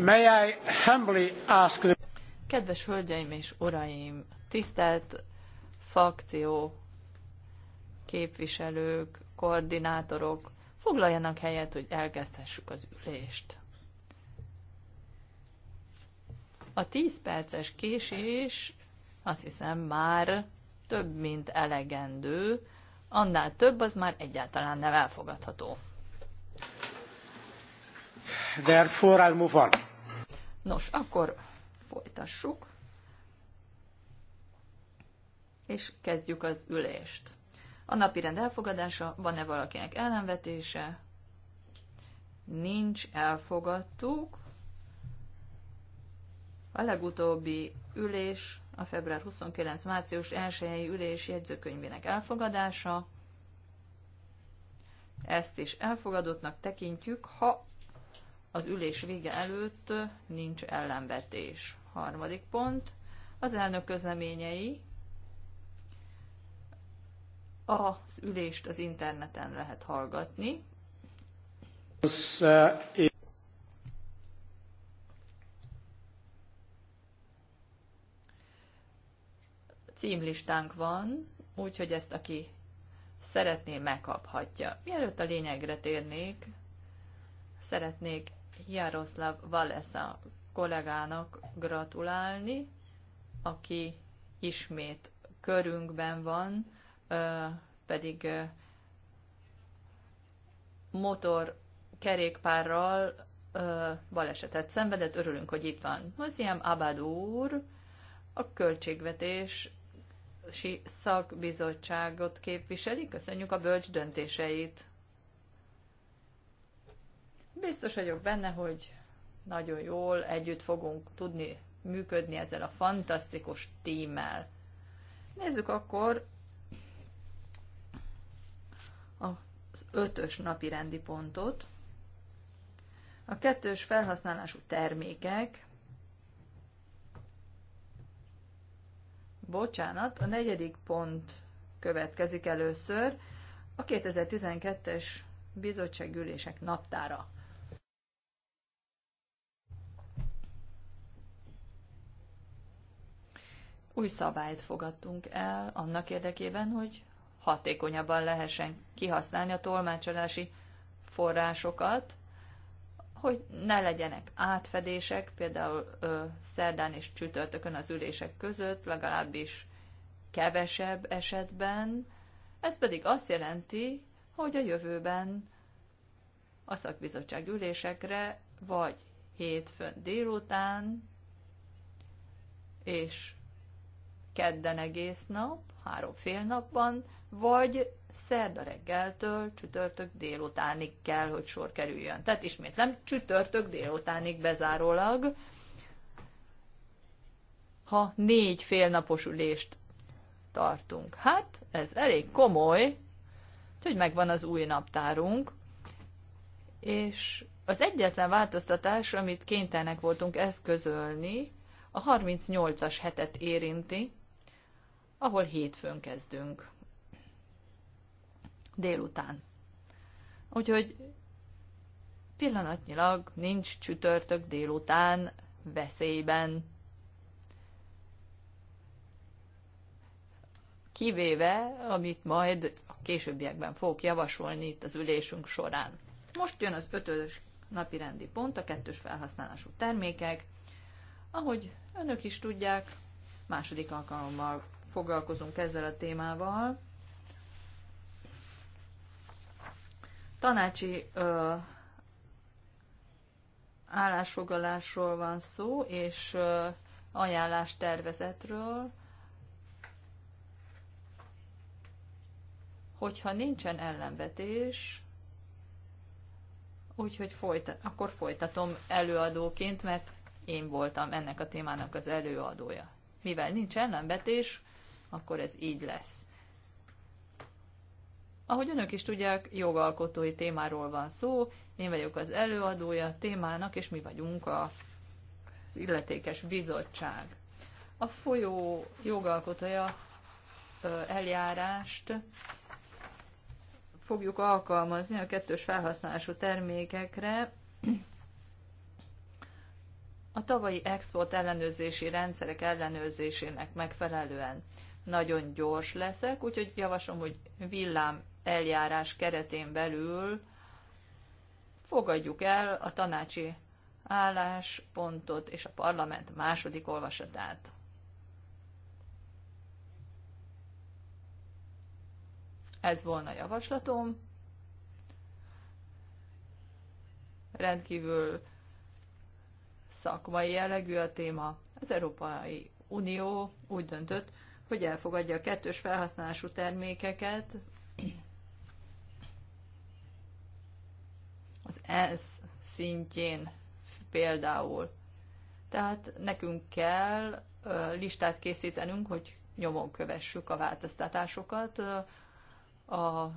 May I humbly ask the... Kedves hölgyeim és uraim, tisztelt fakció képviselők, koordinátorok, foglaljanak helyet, hogy elkezdhessük az ülést. A 10 perces késés azt hiszem már több, mint elegendő, annál több az már egyáltalán nem elfogadható. Therefore I'll move on. Nos, akkor folytassuk, és kezdjük az ülést. A napi rend elfogadása, van-e valakinek ellenvetése? Nincs, elfogadtuk. A legutóbbi ülés, a február 29. március 1 ülés jegyzőkönyvének elfogadása. Ezt is elfogadottnak tekintjük, ha az ülés vége előtt nincs ellenvetés. Harmadik pont, az elnök közleményei. Az ülést az interneten lehet hallgatni. Címlistánk van, úgyhogy ezt aki szeretné, megkaphatja. Mielőtt a lényegre térnék, Szeretnék Jaroszlav Valesza kollégának gratulálni, aki ismét körünkben van, pedig motor kerékpárral balesetet szenvedett, örülünk, hogy itt van. Moziám Abad úr a költségvetési szakbizottságot képviseli, köszönjük a bölcs döntéseit. Biztos vagyok benne, hogy nagyon jól együtt fogunk tudni működni ezzel a fantasztikus tímmel. Nézzük akkor az ötös napi rendi pontot. A kettős felhasználású termékek. Bocsánat, a negyedik pont következik először. A 2012-es bizottságülések naptára. új szabályt fogadtunk el annak érdekében, hogy hatékonyabban lehessen kihasználni a tolmácsolási forrásokat, hogy ne legyenek átfedések, például ö, szerdán és csütörtökön az ülések között, legalábbis kevesebb esetben. Ez pedig azt jelenti, hogy a jövőben a szakbizottság ülésekre vagy hétfőn délután és kedden egész nap, három fél napban, vagy szerda reggeltől csütörtök délutánig kell, hogy sor kerüljön. Tehát ismétlem, csütörtök délutánig bezárólag, ha négy félnapos ülést tartunk. Hát, ez elég komoly, hogy megvan az új naptárunk, és az egyetlen változtatás, amit kénytelenek voltunk eszközölni, a 38-as hetet érinti, ahol hétfőn kezdünk. Délután. Úgyhogy pillanatnyilag nincs csütörtök délután veszélyben. Kivéve, amit majd a későbbiekben fogok javasolni itt az ülésünk során. Most jön az ötös napirendi pont, a kettős felhasználású termékek. Ahogy önök is tudják, második alkalommal foglalkozunk ezzel a témával. Tanácsi ö, állásfoglalásról van szó, és ö, ajánlás tervezetről. Hogyha nincsen ellenvetés, úgyhogy folyta, akkor folytatom előadóként, mert én voltam ennek a témának az előadója. Mivel nincs ellenvetés, akkor ez így lesz. Ahogy önök is tudják, jogalkotói témáról van szó, én vagyok az előadója a témának, és mi vagyunk a, az illetékes bizottság. A folyó jogalkotója eljárást fogjuk alkalmazni a kettős felhasználású termékekre. A tavalyi export ellenőrzési rendszerek ellenőrzésének megfelelően nagyon gyors leszek, úgyhogy javaslom, hogy villám eljárás keretén belül fogadjuk el a tanácsi álláspontot és a parlament második olvasatát. Ez volna a javaslatom. Rendkívül szakmai jellegű a téma. Az Európai Unió úgy döntött, hogy elfogadja a kettős felhasználású termékeket. Az ENSZ szintjén például. Tehát nekünk kell listát készítenünk, hogy nyomon kövessük a változtatásokat az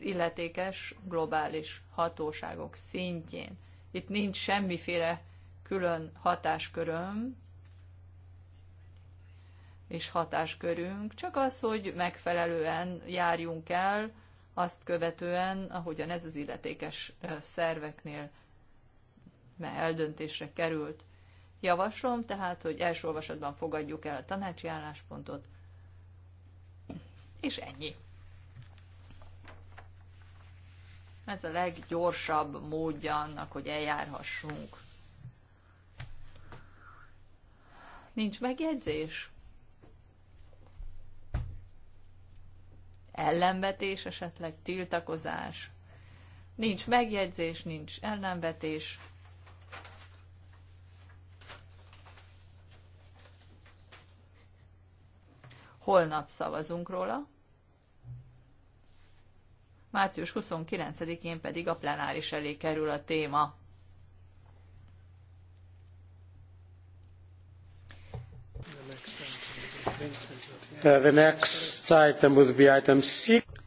illetékes globális hatóságok szintjén. Itt nincs semmiféle külön hatásköröm, és hatáskörünk, csak az, hogy megfelelően járjunk el, azt követően, ahogyan ez az illetékes szerveknél eldöntésre került. Javaslom tehát, hogy első olvasatban fogadjuk el a tanácsi álláspontot, és ennyi. Ez a leggyorsabb módja annak, hogy eljárhassunk. Nincs megjegyzés? ellenvetés, esetleg tiltakozás. Nincs megjegyzés, nincs ellenvetés. Holnap szavazunk róla. Március 29-én pedig a plenáris elé kerül a téma. Uh, the next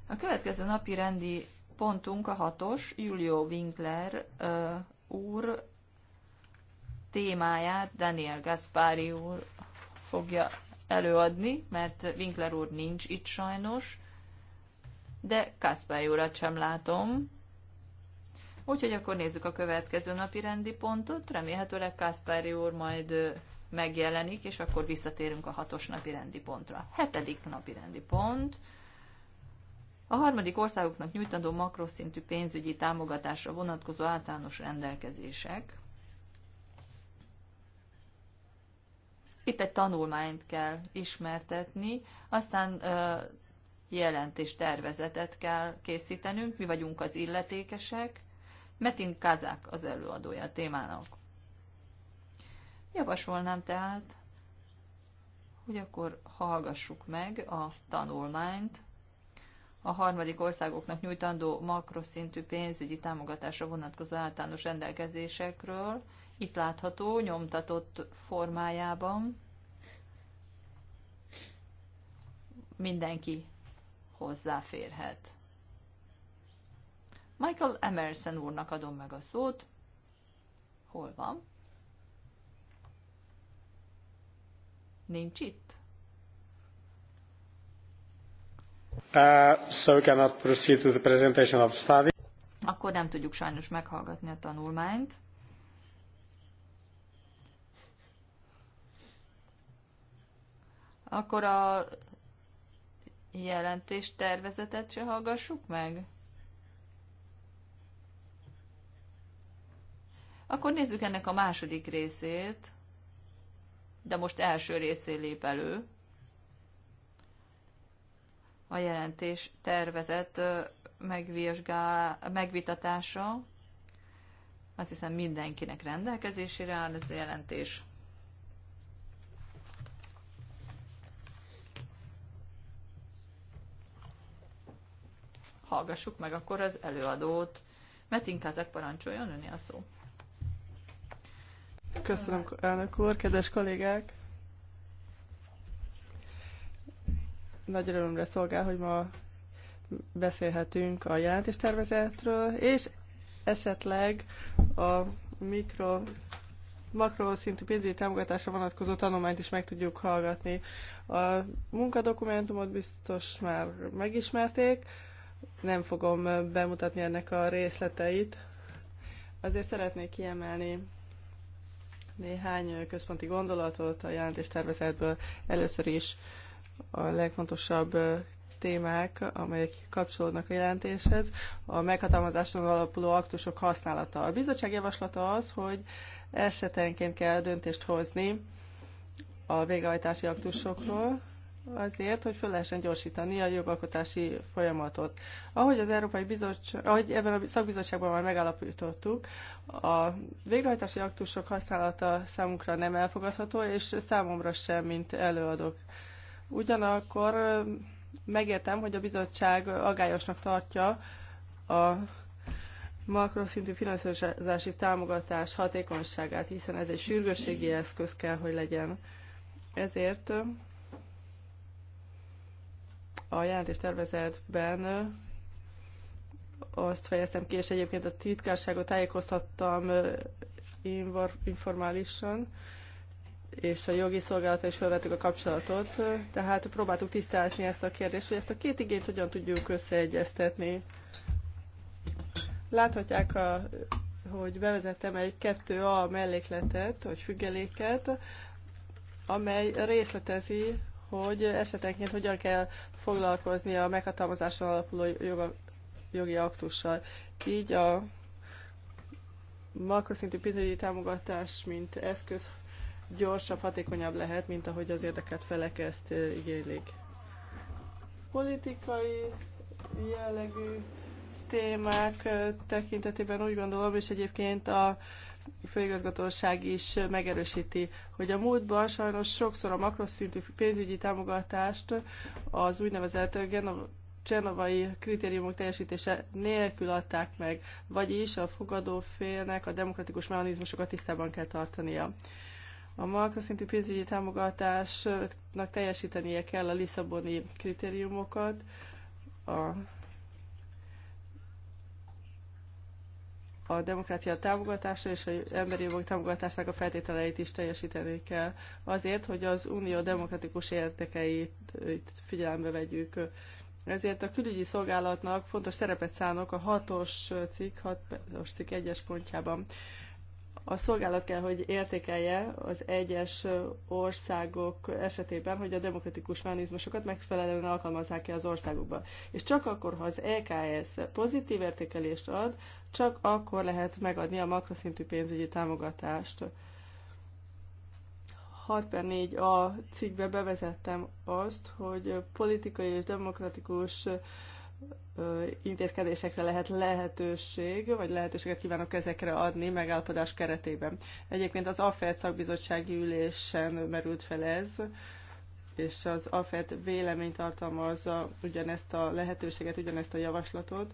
a következő napi rendi pontunk a hatos, Julio Winkler uh, úr témáját Daniel Gaspari úr fogja előadni, mert Winkler úr nincs itt sajnos, de Kaspari urat sem látom. Úgyhogy akkor nézzük a következő napi rendi pontot. Remélhetőleg Kaspari úr majd megjelenik, és akkor visszatérünk a hatos napi rendi pontra. Hetedik napi rendi pont. A harmadik országoknak nyújtandó makroszintű pénzügyi támogatásra vonatkozó általános rendelkezések. Itt egy tanulmányt kell ismertetni, aztán jelentés tervezetet kell készítenünk, mi vagyunk az illetékesek. Metin Kazák az előadója a témának. Javasolnám tehát, hogy akkor hallgassuk meg a tanulmányt, a harmadik országoknak nyújtandó makroszintű pénzügyi támogatásra vonatkozó általános rendelkezésekről, itt látható, nyomtatott formájában. Mindenki hozzáférhet. Michael Emerson úrnak adom meg a szót. Hol van? Nincs itt? Uh, so we cannot proceed to the presentation of study. Akkor nem tudjuk sajnos meghallgatni a tanulmányt. Akkor a jelentés tervezetet se hallgassuk meg? Akkor nézzük ennek a második részét de most első részén lép elő. A jelentés tervezett megvitatása. Azt hiszem mindenkinek rendelkezésére áll ez a jelentés. Hallgassuk meg akkor az előadót. Metin Kazak parancsoljon, öné a szó. Köszönöm, elnök úr, kedves kollégák! Nagy örömre szolgál, hogy ma beszélhetünk a jelentéstervezetről, és esetleg a mikro makroszintű pénzügyi támogatásra vonatkozó tanulmányt is meg tudjuk hallgatni. A munkadokumentumot biztos már megismerték, nem fogom bemutatni ennek a részleteit. Azért szeretnék kiemelni néhány központi gondolatot a jelentés tervezetből. Először is a legfontosabb témák, amelyek kapcsolódnak a jelentéshez, a meghatalmazáson alapuló aktusok használata. A bizottság javaslata az, hogy esetenként kell döntést hozni a végrehajtási aktusokról, azért, hogy föl lehessen gyorsítani a jogalkotási folyamatot. Ahogy az Európai Bizottság, ahogy ebben a szakbizottságban már megállapítottuk, a végrehajtási aktusok használata számunkra nem elfogadható, és számomra sem, mint előadók. Ugyanakkor megértem, hogy a bizottság agályosnak tartja a makroszintű finanszírozási támogatás hatékonyságát, hiszen ez egy sürgősségi eszköz kell, hogy legyen. Ezért a jelentés tervezetben azt fejeztem ki, és egyébként a titkárságot tájékoztattam informálisan, és a jogi szolgálata is felvettük a kapcsolatot, tehát próbáltuk tisztázni ezt a kérdést, hogy ezt a két igényt hogyan tudjuk összeegyeztetni. Láthatják, a, hogy bevezettem egy 2A mellékletet, vagy függeléket, amely részletezi, hogy esetenként hogyan kell foglalkozni a meghatalmazáson alapuló joga, jogi aktussal. Így a makroszintű pénzügyi támogatás, mint eszköz gyorsabb, hatékonyabb lehet, mint ahogy az érdekelt felek ezt eh, igénylik. Politikai jellegű témák eh, tekintetében úgy gondolom, és egyébként a főigazgatóság is megerősíti, hogy a múltban sajnos sokszor a makroszintű pénzügyi támogatást az úgynevezett csernovai kritériumok teljesítése nélkül adták meg, vagyis a félnek a demokratikus mechanizmusokat tisztában kell tartania. A makroszintű pénzügyi támogatásnak teljesítenie kell a Lisszaboni kritériumokat, a a demokrácia támogatása és az emberi jogok támogatásának a feltételeit is teljesíteni kell. Azért, hogy az unió demokratikus érdekeit figyelembe vegyük. Ezért a külügyi szolgálatnak fontos szerepet szánok a hatos cikk, hatos cikk egyes pontjában a szolgálat kell, hogy értékelje az egyes országok esetében, hogy a demokratikus mechanizmusokat megfelelően alkalmazzák-e az országokban. És csak akkor, ha az EKS pozitív értékelést ad, csak akkor lehet megadni a makroszintű pénzügyi támogatást. 6 per 4 a cikkbe bevezettem azt, hogy politikai és demokratikus uh, intézkedésekre lehet lehetőség, vagy lehetőséget kívánok ezekre adni megállapodás keretében. Egyébként az AFED szakbizottsági ülésen merült fel ez, és az AFED vélemény tartalmazza ugyanezt a lehetőséget, ugyanezt a javaslatot,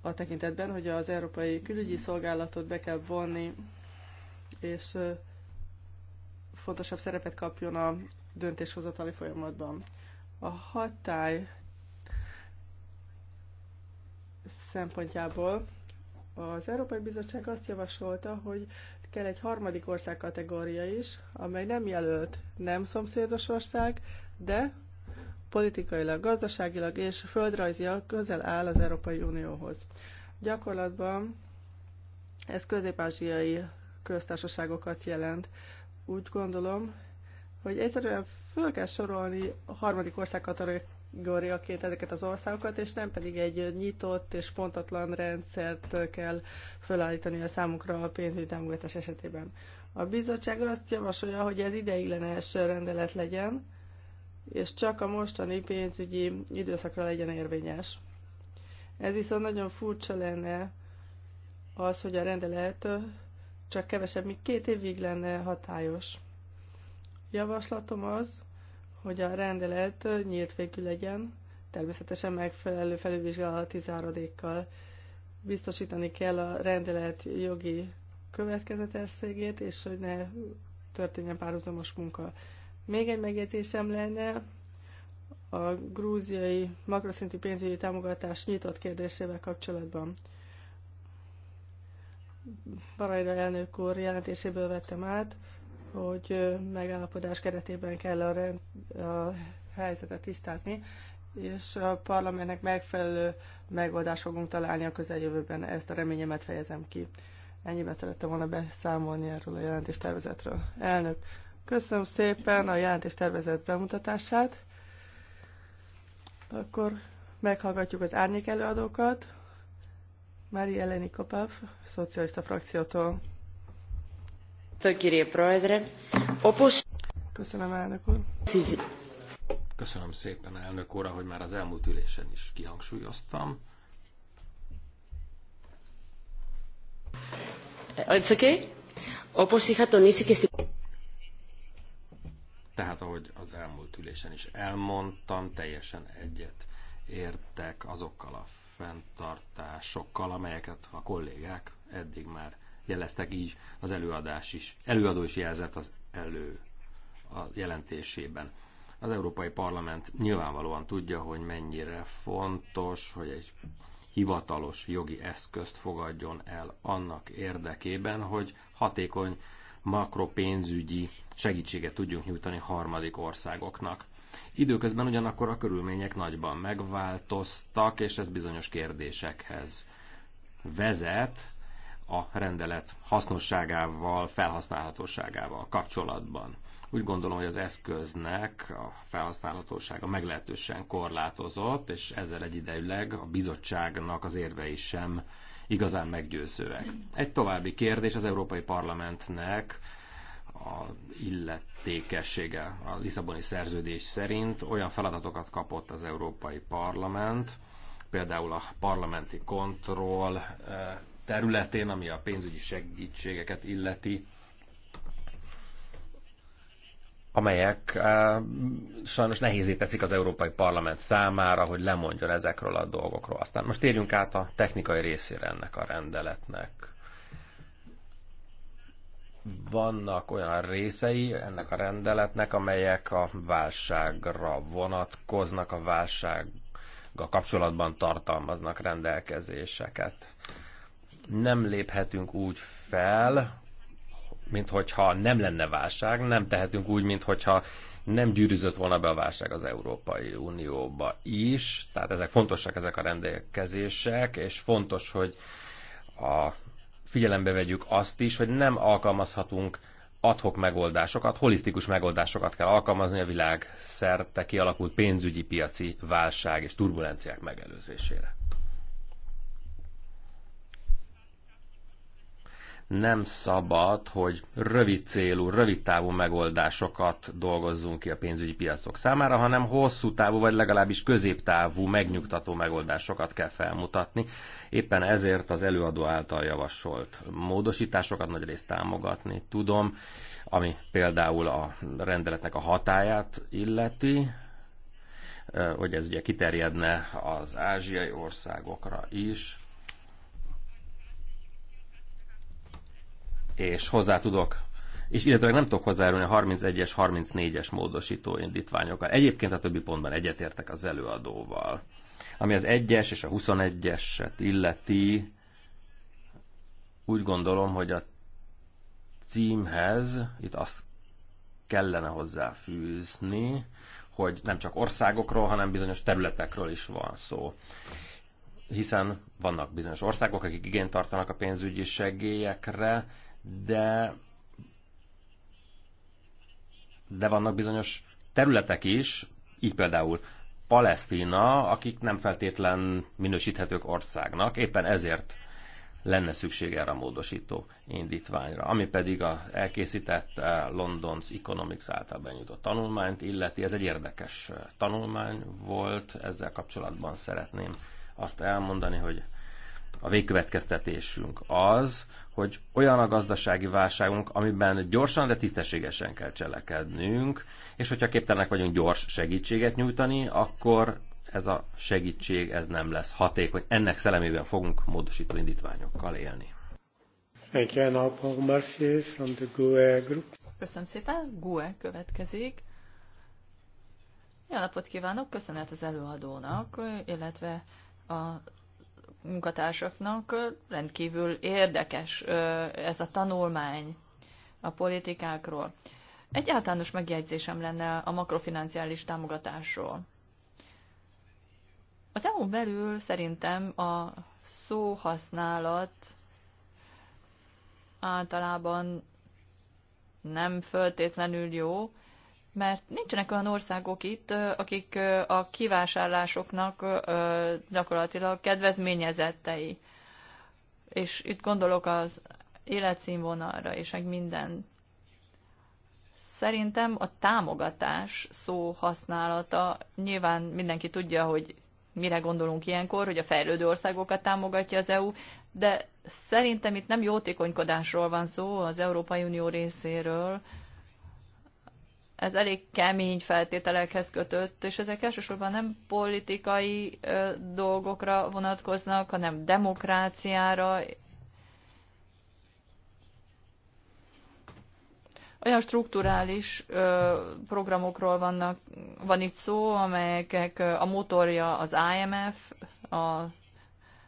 a tekintetben, hogy az Európai Külügyi Szolgálatot be kell vonni, és fontosabb szerepet kapjon a döntéshozatali folyamatban. A hatály szempontjából az Európai Bizottság azt javasolta, hogy kell egy harmadik ország kategória is, amely nem jelölt nem szomszédos ország, de politikailag, gazdaságilag és földrajzilag közel áll az Európai Unióhoz. Gyakorlatban ez közép-ázsiai köztársaságokat jelent. Úgy gondolom, hogy egyszerűen föl kell sorolni a harmadik ország kategóriaként ezeket az országokat, és nem pedig egy nyitott és pontatlan rendszert kell felállítani a számukra a pénzügyi támogatás esetében. A bizottság azt javasolja, hogy ez ideiglenes rendelet legyen, és csak a mostani pénzügyi időszakra legyen érvényes. Ez viszont nagyon furcsa lenne az, hogy a rendelet csak kevesebb, mint két évig lenne hatályos. Javaslatom az, hogy a rendelet nyílt végű legyen, természetesen megfelelő felülvizsgálati záradékkal biztosítani kell a rendelet jogi következetességét, és hogy ne történjen párhuzamos munka. Még egy megjegyzésem lenne, a grúziai makroszintű pénzügyi támogatás nyitott kérdésével kapcsolatban. Barajra elnök úr jelentéséből vettem át, hogy megállapodás keretében kell a, rend, a helyzetet tisztázni, és a parlamentnek megfelelő megoldást fogunk találni a közeljövőben. Ezt a reményemet fejezem ki. Ennyiben szerettem volna beszámolni erről a jelentéstervezetről. Elnök, köszönöm szépen a jelentéstervezet bemutatását. Akkor meghallgatjuk az árnyék előadókat. Mari Eleni Kopav, szocialista frakciótól. Köszönöm, elnök úr. Köszönöm szépen, elnök úr, hogy már az elmúlt ülésen is kihangsúlyoztam. It's okay. Όπως είχα τονίσει και στην... Tehát, ahogy az elmúlt ülésen is elmondtam, teljesen egyet értek azokkal a fenntartásokkal, amelyeket a kollégák eddig már jeleztek így az előadás is. Előadó is jelzett az elő a jelentésében. Az Európai Parlament nyilvánvalóan tudja, hogy mennyire fontos, hogy egy hivatalos jogi eszközt fogadjon el annak érdekében, hogy hatékony makropénzügyi segítséget tudjunk nyújtani harmadik országoknak. Időközben ugyanakkor a körülmények nagyban megváltoztak, és ez bizonyos kérdésekhez vezet, a rendelet hasznosságával, felhasználhatóságával kapcsolatban. Úgy gondolom, hogy az eszköznek a felhasználhatósága meglehetősen korlátozott, és ezzel egyidejűleg a bizottságnak az érvei sem igazán meggyőzőek. Egy további kérdés az Európai Parlamentnek a illetékessége a Lisszaboni szerződés szerint olyan feladatokat kapott az Európai Parlament, például a parlamenti kontroll eh, területén, ami a pénzügyi segítségeket illeti, amelyek uh, sajnos nehézé teszik az Európai Parlament számára, hogy lemondjon ezekről a dolgokról. Aztán most térjünk át a technikai részére ennek a rendeletnek. Vannak olyan részei ennek a rendeletnek, amelyek a válságra vonatkoznak, a válsággal kapcsolatban tartalmaznak rendelkezéseket nem léphetünk úgy fel, mint hogyha nem lenne válság, nem tehetünk úgy, mint hogyha nem gyűrűzött volna be a válság az Európai Unióba is. Tehát ezek fontosak, ezek a rendelkezések, és fontos, hogy a figyelembe vegyük azt is, hogy nem alkalmazhatunk adhok megoldásokat, holisztikus megoldásokat kell alkalmazni a világ szerte kialakult pénzügyi piaci válság és turbulenciák megelőzésére. nem szabad, hogy rövid célú, rövid távú megoldásokat dolgozzunk ki a pénzügyi piacok számára, hanem hosszú távú, vagy legalábbis középtávú, megnyugtató megoldásokat kell felmutatni. Éppen ezért az előadó által javasolt módosításokat nagyrészt támogatni tudom, ami például a rendeletnek a hatáját illeti, hogy ez ugye kiterjedne az ázsiai országokra is, és hozzá tudok és illetve nem tudok hozzájárulni a 31-es, 34-es módosító indítványokkal. Egyébként a többi pontban egyetértek az előadóval. Ami az 1-es és a 21-eset illeti, úgy gondolom, hogy a címhez itt azt kellene hozzáfűzni, hogy nem csak országokról, hanem bizonyos területekről is van szó. Hiszen vannak bizonyos országok, akik igényt tartanak a pénzügyi segélyekre, de de vannak bizonyos területek is, így például Palesztina, akik nem feltétlen minősíthetők országnak, éppen ezért lenne szükség erre a módosító indítványra. Ami pedig az elkészített eh, London's Economics által benyújtott tanulmányt illeti, ez egy érdekes eh, tanulmány volt, ezzel kapcsolatban szeretném azt elmondani, hogy a végkövetkeztetésünk az, hogy olyan a gazdasági válságunk, amiben gyorsan, de tisztességesen kell cselekednünk, és hogyha képtelenek vagyunk gyors segítséget nyújtani, akkor ez a segítség ez nem lesz hatékony. Ennek szellemében fogunk módosító indítványokkal élni. E Köszönöm szépen, GUE következik. Jó napot kívánok, köszönet az előadónak, illetve a munkatársaknak rendkívül érdekes ez a tanulmány a politikákról. Egy általános megjegyzésem lenne a makrofinanciális támogatásról. Az EU belül szerintem a szóhasználat általában nem föltétlenül jó, mert nincsenek olyan országok itt, akik a kivásárlásoknak gyakorlatilag kedvezményezettei. És itt gondolok az életszínvonalra és meg minden. Szerintem a támogatás szó használata, nyilván mindenki tudja, hogy mire gondolunk ilyenkor, hogy a fejlődő országokat támogatja az EU, de szerintem itt nem jótékonykodásról van szó az Európai Unió részéről, ez elég kemény feltételekhez kötött, és ezek elsősorban nem politikai dolgokra vonatkoznak, hanem demokráciára, olyan strukturális ö, programokról vannak, van itt szó, amelyek a motorja az IMF, a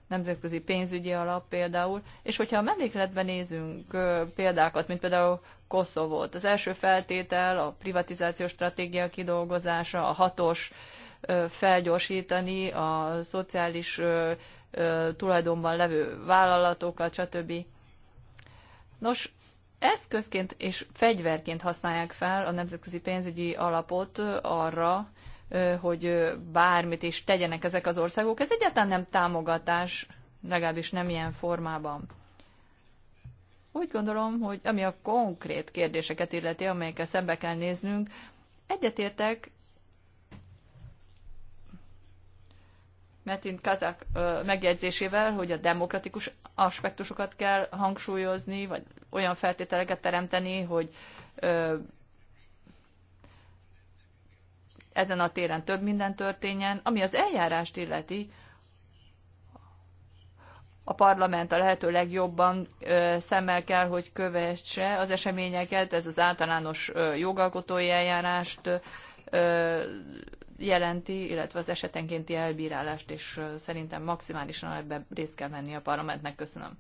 nemzetközi pénzügyi alap például, és hogyha a mellékletben nézünk példákat, mint például Koszovót, az első feltétel a privatizációs stratégia kidolgozása, a hatos felgyorsítani a szociális tulajdonban levő vállalatokat, stb. Nos, eszközként és fegyverként használják fel a nemzetközi pénzügyi alapot arra, hogy bármit is tegyenek ezek az országok. Ez egyáltalán nem támogatás, legalábbis nem ilyen formában. Úgy gondolom, hogy ami a konkrét kérdéseket illeti, amelyekkel szembe kell néznünk, egyetértek Metin Kazak megjegyzésével, hogy a demokratikus aspektusokat kell hangsúlyozni, vagy olyan feltételeket teremteni, hogy ezen a téren több minden történjen, ami az eljárást illeti, a parlament a lehető legjobban ö, szemmel kell, hogy kövesse az eseményeket, ez az általános ö, jogalkotói eljárást ö, jelenti, illetve az esetenkénti elbírálást, és ö, szerintem maximálisan ebben részt kell venni a parlamentnek. Köszönöm.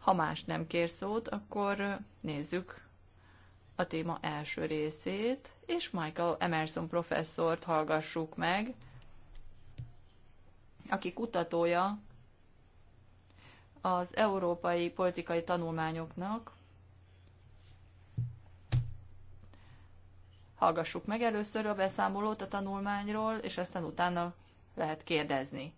Ha más nem kér szót, akkor nézzük a téma első részét, és Michael Emerson professzort hallgassuk meg, aki kutatója az európai politikai tanulmányoknak. Hallgassuk meg először a beszámolót a tanulmányról, és aztán utána lehet kérdezni.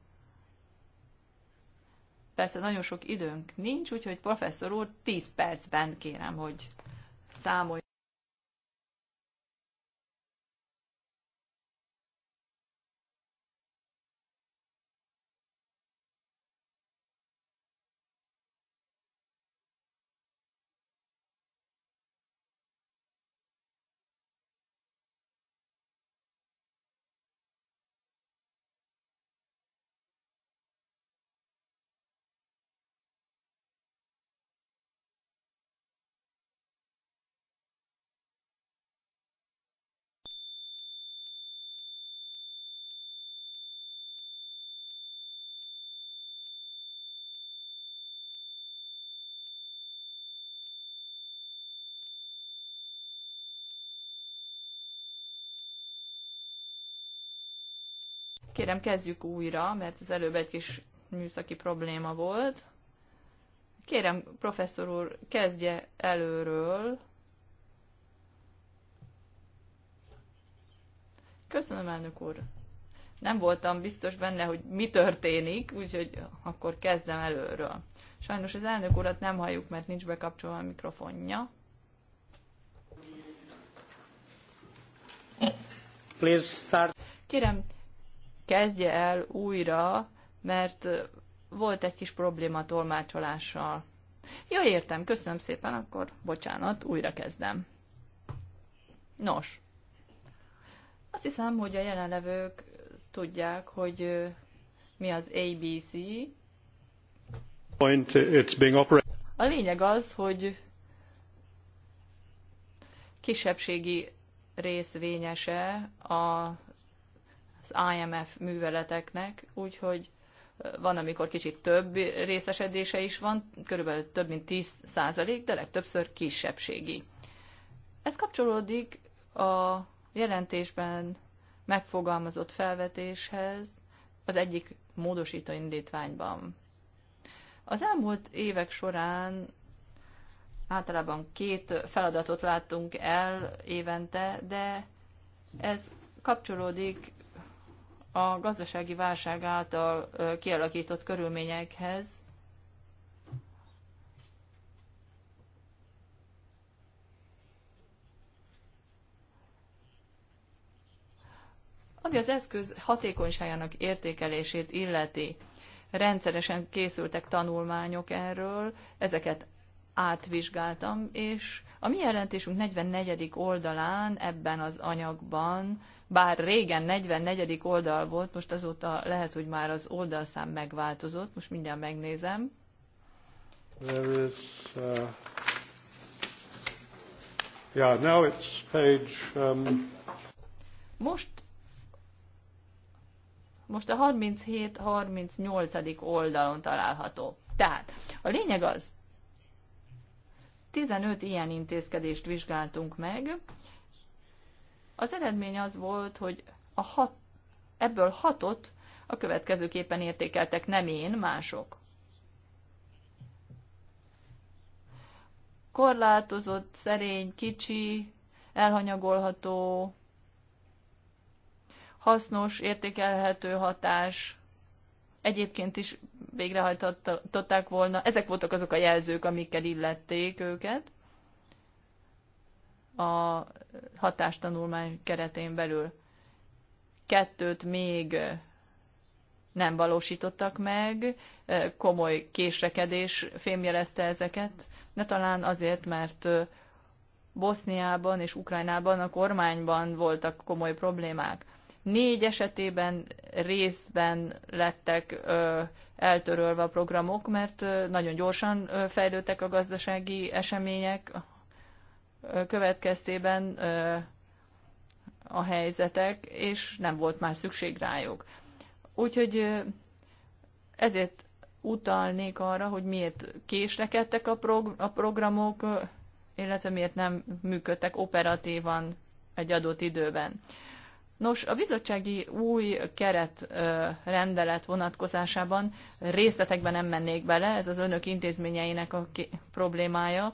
Persze nagyon sok időnk nincs, úgyhogy professzor úr 10 percben kérem, hogy számolj. Kérem, kezdjük újra, mert az előbb egy kis műszaki probléma volt. Kérem, professzor úr, kezdje előről. Köszönöm, elnök úr. Nem voltam biztos benne, hogy mi történik, úgyhogy akkor kezdem előről. Sajnos az elnök urat nem halljuk, mert nincs bekapcsolva a mikrofonja. Please start. Kérem, kezdje el újra, mert volt egy kis probléma tolmácsolással. Jó, értem, köszönöm szépen, akkor bocsánat, újra kezdem. Nos, azt hiszem, hogy a jelenlevők tudják, hogy mi az ABC. A lényeg az, hogy kisebbségi részvényese a az IMF műveleteknek, úgyhogy van, amikor kicsit több részesedése is van, körülbelül több mint 10 százalék, de legtöbbször kisebbségi. Ez kapcsolódik a jelentésben megfogalmazott felvetéshez az egyik módosító indítványban. Az elmúlt évek során általában két feladatot láttunk el évente, de ez kapcsolódik a gazdasági válság által kialakított körülményekhez, ami az eszköz hatékonyságának értékelését illeti. Rendszeresen készültek tanulmányok erről, ezeket átvizsgáltam, és a mi jelentésünk 44. oldalán ebben az anyagban bár régen 44. oldal volt, most azóta lehet, hogy már az oldalszám megváltozott, most mindjárt megnézem. There is, uh... yeah, now it's page, um... Most most a 37-38. oldalon található. Tehát a lényeg az, 15 ilyen intézkedést vizsgáltunk meg, az eredmény az volt, hogy a hat, ebből hatot a következőképpen értékeltek, nem én, mások. Korlátozott, szerény, kicsi, elhanyagolható, hasznos, értékelhető hatás, egyébként is végrehajtották volna. Ezek voltak azok a jelzők, amikkel illették őket a hatástanulmány keretén belül. Kettőt még nem valósítottak meg, komoly késrekedés fémjelezte ezeket, de talán azért, mert Boszniában és Ukrajnában a kormányban voltak komoly problémák. Négy esetében részben lettek ö, eltörölve a programok, mert ö, nagyon gyorsan ö, fejlődtek a gazdasági események, következtében a helyzetek, és nem volt már szükség rájuk. Úgyhogy ezért utalnék arra, hogy miért késlekedtek a, prog- a programok, illetve miért nem működtek operatívan egy adott időben. Nos, a bizottsági új keret rendelet vonatkozásában részletekben nem mennék bele, ez az önök intézményeinek a problémája,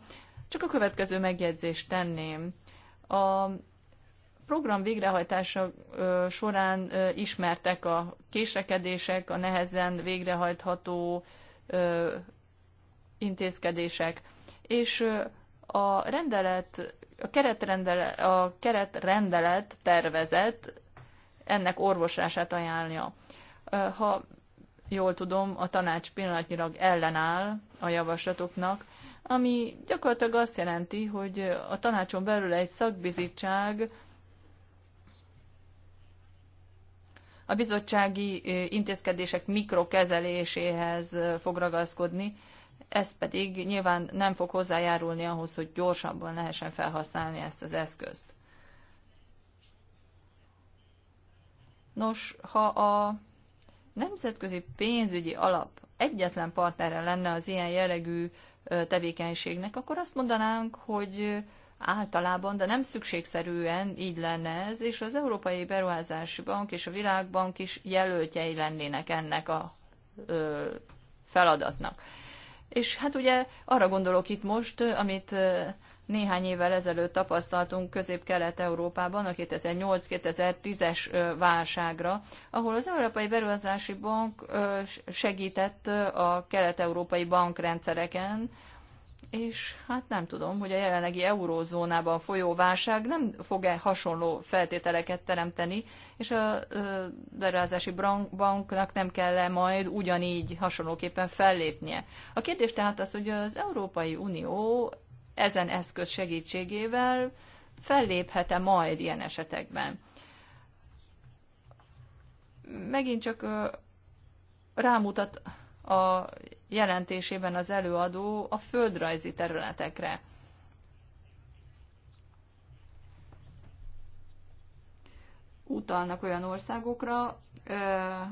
csak a következő megjegyzést tenném. A program végrehajtása során ismertek a késekedések, a nehezen végrehajtható intézkedések, és a rendelet, a keretrendelet, a keretrendelet tervezett ennek orvoslását ajánlja. Ha jól tudom, a tanács pillanatnyilag ellenáll a javaslatoknak, ami gyakorlatilag azt jelenti, hogy a tanácson belül egy szakbizottság a bizottsági intézkedések mikrokezeléséhez fog ragaszkodni, ez pedig nyilván nem fog hozzájárulni ahhoz, hogy gyorsabban lehessen felhasználni ezt az eszközt. Nos, ha a nemzetközi pénzügyi alap egyetlen partnere lenne az ilyen jellegű tevékenységnek, akkor azt mondanánk, hogy általában, de nem szükségszerűen így lenne ez, és az Európai Beruházási Bank és a Világbank is jelöltjei lennének ennek a ö, feladatnak. És hát ugye arra gondolok itt most, amit néhány évvel ezelőtt tapasztaltunk Közép-Kelet-Európában a 2008-2010-es válságra, ahol az Európai Beruházási Bank segített a kelet-európai bankrendszereken, és hát nem tudom, hogy a jelenlegi eurózónában folyó válság nem fog-e hasonló feltételeket teremteni, és a beruházási banknak nem kell -e majd ugyanígy hasonlóképpen fellépnie. A kérdés tehát az, hogy az Európai Unió ezen eszköz segítségével felléphet-e majd ilyen esetekben. Megint csak rámutat a jelentésében az előadó a földrajzi területekre. utalnak olyan országokra,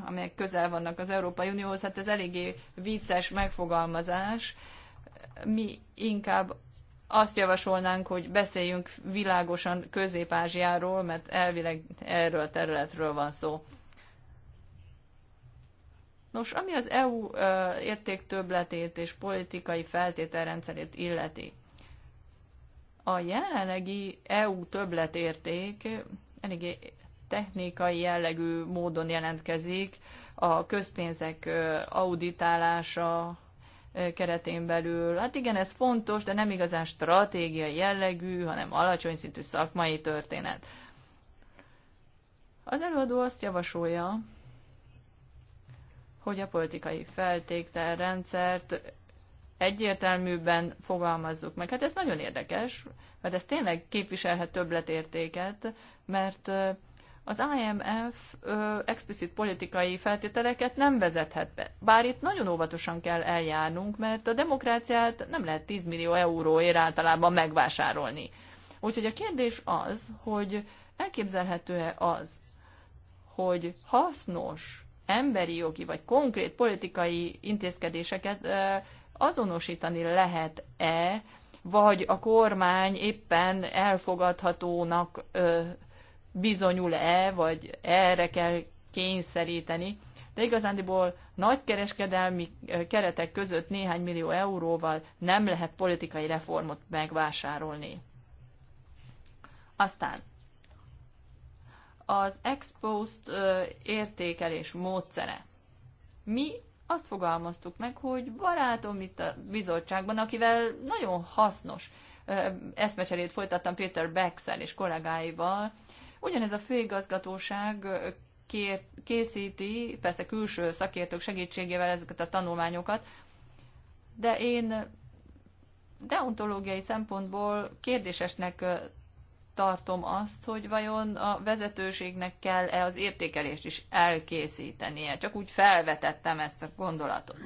amelyek közel vannak az Európai Unióhoz, hát ez eléggé vicces megfogalmazás. Mi inkább azt javasolnánk, hogy beszéljünk világosan Közép-Ázsiáról, mert elvileg erről a területről van szó. Nos, ami az EU értéktöbletét és politikai feltételrendszerét illeti, a jelenlegi EU többletérték eléggé technikai jellegű módon jelentkezik, a közpénzek auditálása, keretén belül. Hát igen, ez fontos, de nem igazán stratégiai jellegű, hanem alacsony szintű szakmai történet. Az előadó azt javasolja, hogy a politikai feltételrendszert egyértelműbben fogalmazzuk meg. Hát ez nagyon érdekes, mert ez tényleg képviselhet többletértéket, mert az IMF ö, explicit politikai feltételeket nem vezethet be. Bár itt nagyon óvatosan kell eljárnunk, mert a demokráciát nem lehet 10 millió euróért általában megvásárolni. Úgyhogy a kérdés az, hogy elképzelhető-e az, hogy hasznos emberi jogi vagy konkrét politikai intézkedéseket ö, azonosítani lehet-e, vagy a kormány éppen elfogadhatónak ö, bizonyul-e, vagy erre kell kényszeríteni, de igazándiból nagy kereskedelmi keretek között néhány millió euróval nem lehet politikai reformot megvásárolni. Aztán az expost értékelés módszere. Mi azt fogalmaztuk meg, hogy barátom itt a bizottságban, akivel nagyon hasznos eszmecserét folytattam Peter Bexel és kollégáival, Ugyanez a főigazgatóság kér, készíti, persze külső szakértők segítségével ezeket a tanulmányokat, de én deontológiai szempontból kérdésesnek tartom azt, hogy vajon a vezetőségnek kell-e az értékelést is elkészítenie. Csak úgy felvetettem ezt a gondolatot.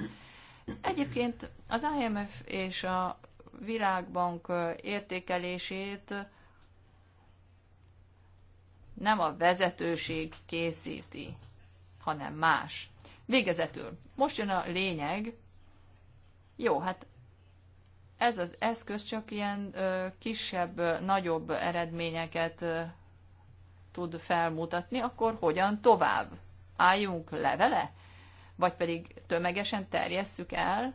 Egyébként az IMF és a Világbank értékelését nem a vezetőség készíti, hanem más. Végezetül, most jön a lényeg. Jó, hát ez az eszköz csak ilyen ö, kisebb, ö, nagyobb eredményeket ö, tud felmutatni, akkor hogyan tovább? Álljunk levele? Vagy pedig tömegesen terjesszük el?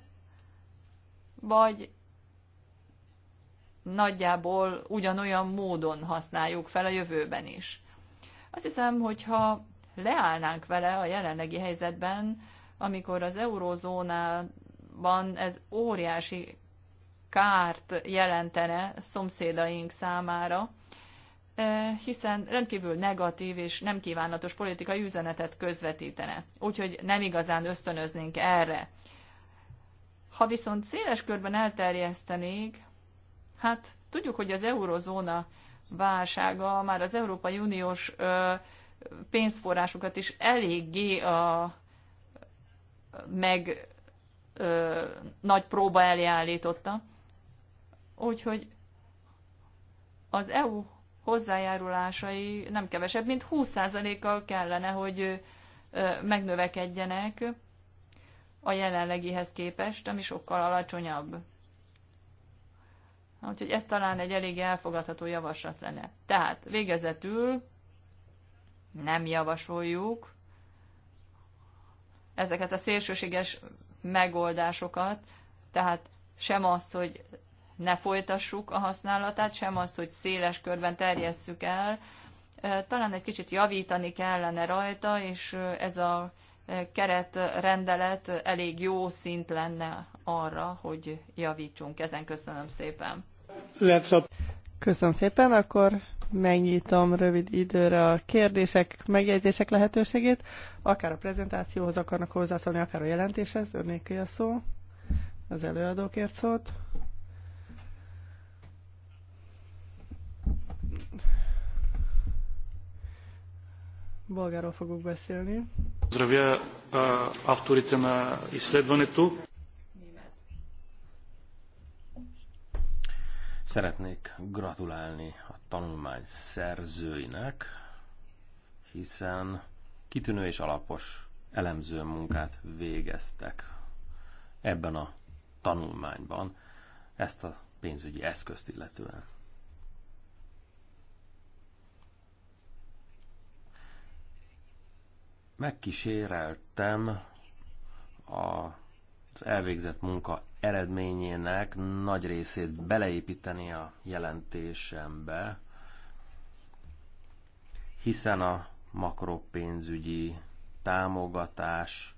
Vagy nagyjából ugyanolyan módon használjuk fel a jövőben is? Azt hiszem, hogyha leállnánk vele a jelenlegi helyzetben, amikor az eurózónában ez óriási kárt jelentene szomszédaink számára, eh, hiszen rendkívül negatív és nem kívánatos politikai üzenetet közvetítene. Úgyhogy nem igazán ösztönöznénk erre. Ha viszont széles körben elterjesztenék, hát tudjuk, hogy az eurozóna válsága már az Európai Uniós pénzforrásokat is eléggé a, meg ö, nagy próba elé állította. Úgyhogy az EU hozzájárulásai nem kevesebb, mint 20%-kal kellene, hogy ö, megnövekedjenek a jelenlegihez képest, ami sokkal alacsonyabb. Úgyhogy ez talán egy elég elfogadható javaslat lenne. Tehát végezetül nem javasoljuk ezeket a szélsőséges megoldásokat, tehát sem azt, hogy ne folytassuk a használatát, sem azt, hogy széles körben terjesszük el. Talán egy kicsit javítani kellene rajta, és ez a keretrendelet elég jó szint lenne arra, hogy javítsunk. Ezen köszönöm szépen. Let's Köszönöm szépen, akkor megnyitom rövid időre a kérdések, megjegyzések lehetőségét. Akár a prezentációhoz akarnak hozzászólni, akár a jelentéshez, önnéki a szó, az előadókért szót. Bolgáról fogok beszélni. Здравя авторите на изследването. Szeretnék gratulálni a tanulmány szerzőinek, hiszen kitűnő és alapos elemző munkát végeztek ebben a tanulmányban ezt a pénzügyi eszközt illetően. Megkíséreltem az elvégzett munka eredményének nagy részét beleépíteni a jelentésembe, hiszen a makropénzügyi támogatás,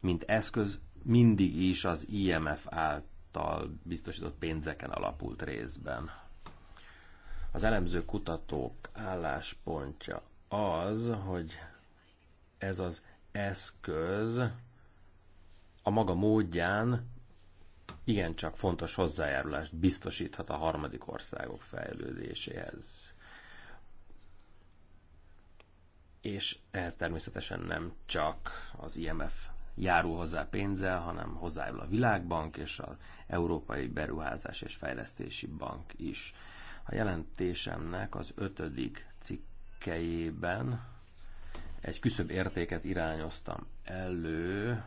mint eszköz, mindig is az IMF által biztosított pénzeken alapult részben. Az elemző kutatók álláspontja az, hogy ez az eszköz a maga módján igencsak fontos hozzájárulást biztosíthat a harmadik országok fejlődéséhez. És ehhez természetesen nem csak az IMF járul hozzá pénzzel, hanem hozzájárul a Világbank és az Európai Beruházás és Fejlesztési Bank is. A jelentésemnek az ötödik cikkejében egy küszöbb értéket irányoztam elő,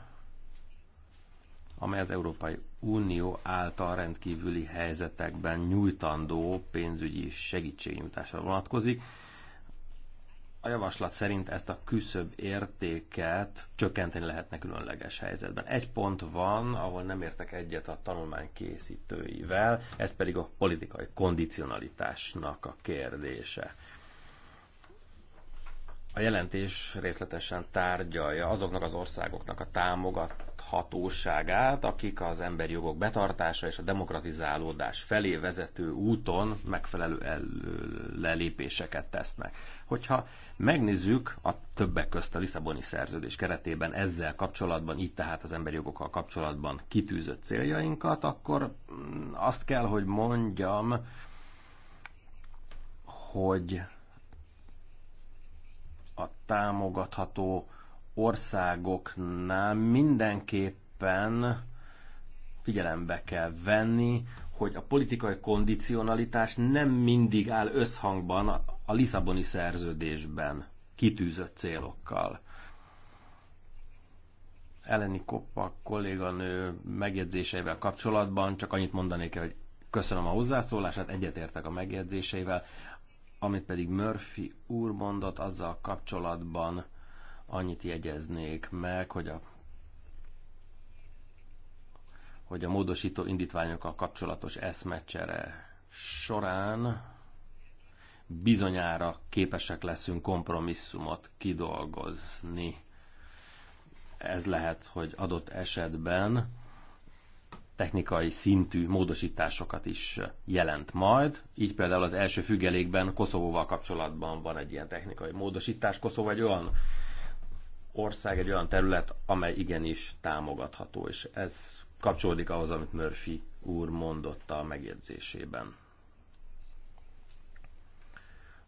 amely az Európai Unió által rendkívüli helyzetekben nyújtandó pénzügyi segítségnyújtásra vonatkozik. A javaslat szerint ezt a küszöbb értéket csökkenteni lehetne különleges helyzetben. Egy pont van, ahol nem értek egyet a tanulmány készítőivel, ez pedig a politikai kondicionalitásnak a kérdése. A jelentés részletesen tárgyalja azoknak az országoknak a támogatását, hatóságát, akik az emberi jogok betartása és a demokratizálódás felé vezető úton megfelelő lelépéseket tesznek. Hogyha megnézzük a többek közt a Lisszaboni szerződés keretében ezzel kapcsolatban, így tehát az emberi jogokkal kapcsolatban kitűzött céljainkat, akkor mm, azt kell, hogy mondjam, hogy a támogatható országoknál mindenképpen figyelembe kell venni, hogy a politikai kondicionalitás nem mindig áll összhangban a Lisszaboni szerződésben kitűzött célokkal. Eleni Koppa kolléganő megjegyzéseivel kapcsolatban csak annyit mondanék, hogy köszönöm a hozzászólását, egyetértek a megjegyzéseivel, amit pedig Murphy úr mondott azzal kapcsolatban, Annyit jegyeznék meg, hogy a hogy a módosító indítványokkal kapcsolatos eszmecsere során bizonyára képesek leszünk kompromisszumot kidolgozni. Ez lehet, hogy adott esetben technikai szintű módosításokat is jelent majd. Így például az első függelékben Koszovóval kapcsolatban van egy ilyen technikai módosítás. Koszovó egy olyan ország, egy olyan terület, amely igenis támogatható, és ez kapcsolódik ahhoz, amit Murphy úr mondott a megjegyzésében.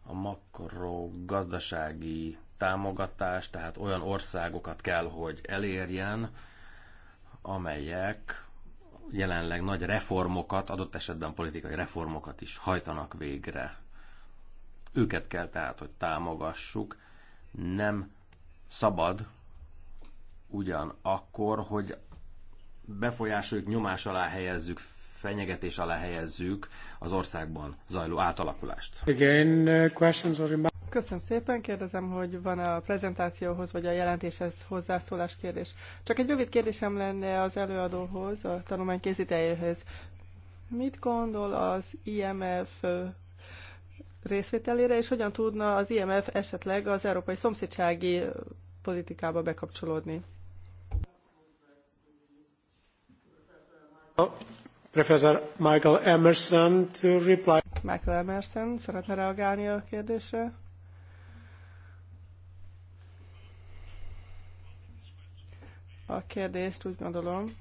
A makro gazdasági támogatás, tehát olyan országokat kell, hogy elérjen, amelyek jelenleg nagy reformokat, adott esetben politikai reformokat is hajtanak végre. Őket kell tehát, hogy támogassuk, nem szabad ugyanakkor, hogy befolyásoljuk, nyomás alá helyezzük, fenyegetés alá helyezzük az országban zajló átalakulást. Again, uh, questions or Köszönöm szépen, kérdezem, hogy van a prezentációhoz vagy a jelentéshez hozzászólás kérdés. Csak egy rövid kérdésem lenne az előadóhoz, a tanulmány készítőjéhez. Mit gondol az IMF részvételére, és hogyan tudna az IMF esetleg az európai szomszédsági politikába bekapcsolódni? Professor Michael Emerson to reply. Michael Emerson szeretne reagálni a kérdésre? A kérdést úgy gondolom,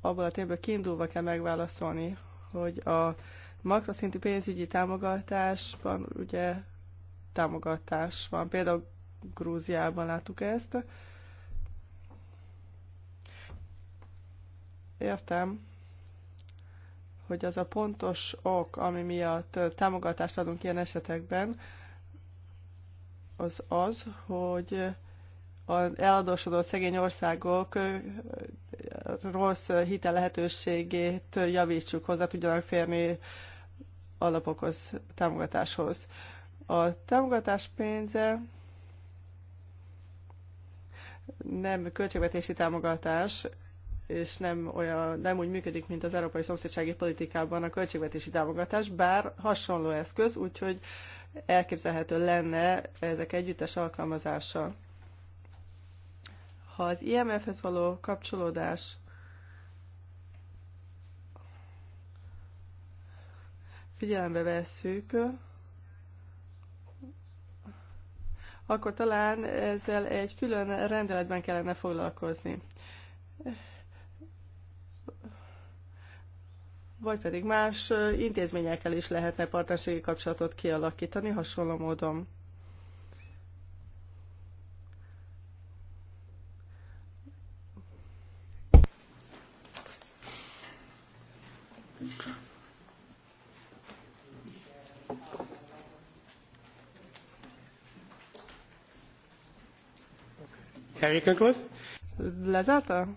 abból a témből kiindulva kell megválaszolni, hogy a makroszintű pénzügyi támogatásban ugye támogatás van. Például Grúziában láttuk ezt. Értem, hogy az a pontos ok, ami miatt támogatást adunk ilyen esetekben, az az, hogy az eladósodott szegény országok rossz hitel lehetőségét javítsuk, hozzá tudjanak férni alapokhoz, támogatáshoz. A támogatás pénze nem költségvetési támogatás, és nem, olyan, nem úgy működik, mint az európai szomszédsági politikában a költségvetési támogatás, bár hasonló eszköz, úgyhogy elképzelhető lenne ezek együttes alkalmazása. Ha az IMF-hez való kapcsolódás figyelembe vesszük, akkor talán ezzel egy külön rendeletben kellene foglalkozni. Vagy pedig más intézményekkel is lehetne partnerségi kapcsolatot kialakítani hasonló módon. Have Lezárta?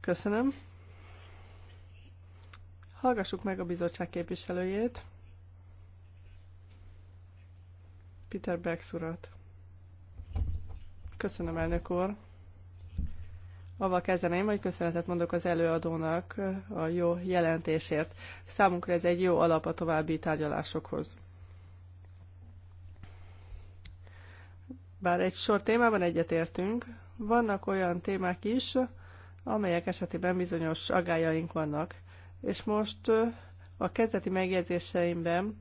Köszönöm. Hallgassuk meg a bizottság képviselőjét, Peter Bex urat. Köszönöm, elnök úr. Avval kezdeném, hogy köszönetet mondok az előadónak a jó jelentésért. Számunkra ez egy jó alap a további tárgyalásokhoz. Bár egy sor témában egyetértünk, vannak olyan témák is, amelyek esetében bizonyos agályaink vannak. És most a kezdeti megjegyzéseimben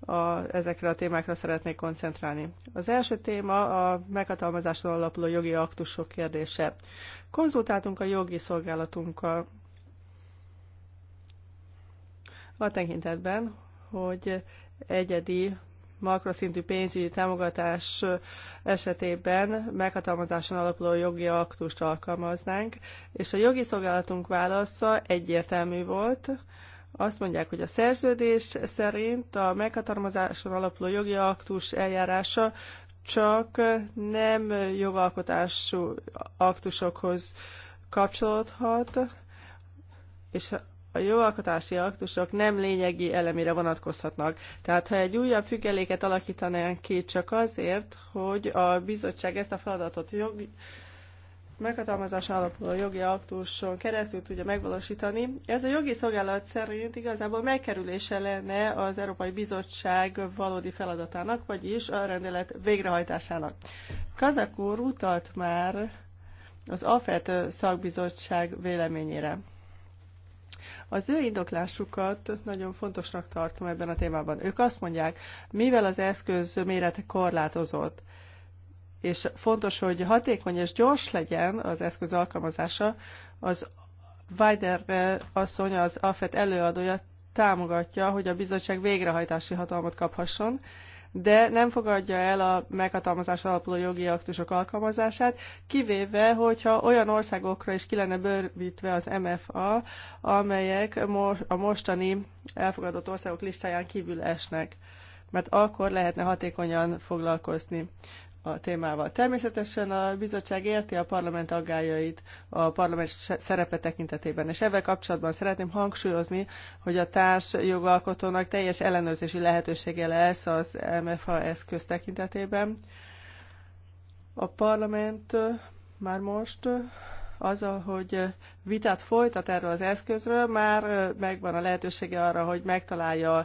a, ezekre a témákra szeretnék koncentrálni. Az első téma a meghatalmazáson alapuló jogi aktusok kérdése. Konzultáltunk a jogi szolgálatunkkal a tekintetben, hogy egyedi makroszintű pénzügyi támogatás esetében meghatalmazáson alapuló jogi aktust alkalmaznánk, és a jogi szolgálatunk válasza egyértelmű volt. Azt mondják, hogy a szerződés szerint a meghatalmazáson alapuló jogi aktus eljárása csak nem jogalkotású aktusokhoz kapcsolódhat, és a jogalkotási aktusok nem lényegi elemére vonatkozhatnak. Tehát ha egy újabb függeléket alakítanánk ki csak azért, hogy a bizottság ezt a feladatot jogi, meghatalmazás alapuló jogi aktuson keresztül tudja megvalósítani. Ez a jogi szolgálat szerint igazából megkerülése lenne az Európai Bizottság valódi feladatának, vagyis a rendelet végrehajtásának. Kazak utalt már az AFET szakbizottság véleményére. Az ő indoklásukat nagyon fontosnak tartom ebben a témában. Ők azt mondják, mivel az eszköz mérete korlátozott, és fontos, hogy hatékony és gyors legyen az eszköz alkalmazása, az Weider asszony, az AFET előadója támogatja, hogy a bizottság végrehajtási hatalmat kaphasson, de nem fogadja el a meghatalmazás alapuló jogi aktusok alkalmazását, kivéve, hogyha olyan országokra is ki lenne bővítve az MFA, amelyek a mostani elfogadott országok listáján kívül esnek mert akkor lehetne hatékonyan foglalkozni a témával. Természetesen a bizottság érti a parlament aggájait a parlament szerepe tekintetében, és ezzel kapcsolatban szeretném hangsúlyozni, hogy a társ jogalkotónak teljes ellenőrzési lehetősége lesz az MFA eszköz tekintetében. A parlament már most az, hogy vitát folytat erről az eszközről, már megvan a lehetősége arra, hogy megtalálja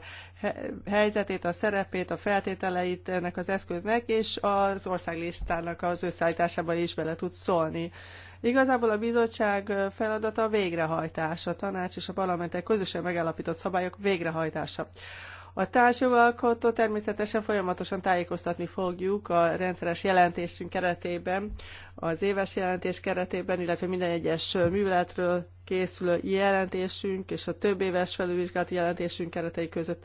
helyzetét, a szerepét, a feltételeit ennek az eszköznek, és az országlistának az összeállításában is bele tud szólni. Igazából a bizottság feladata a végrehajtás, a tanács és a parlamentek közösen megállapított szabályok végrehajtása. A társjogalkotó természetesen folyamatosan tájékoztatni fogjuk a rendszeres jelentésünk keretében, az éves jelentés keretében, illetve minden egyes műveletről készülő jelentésünk és a több éves felülvizsgálati jelentésünk keretei között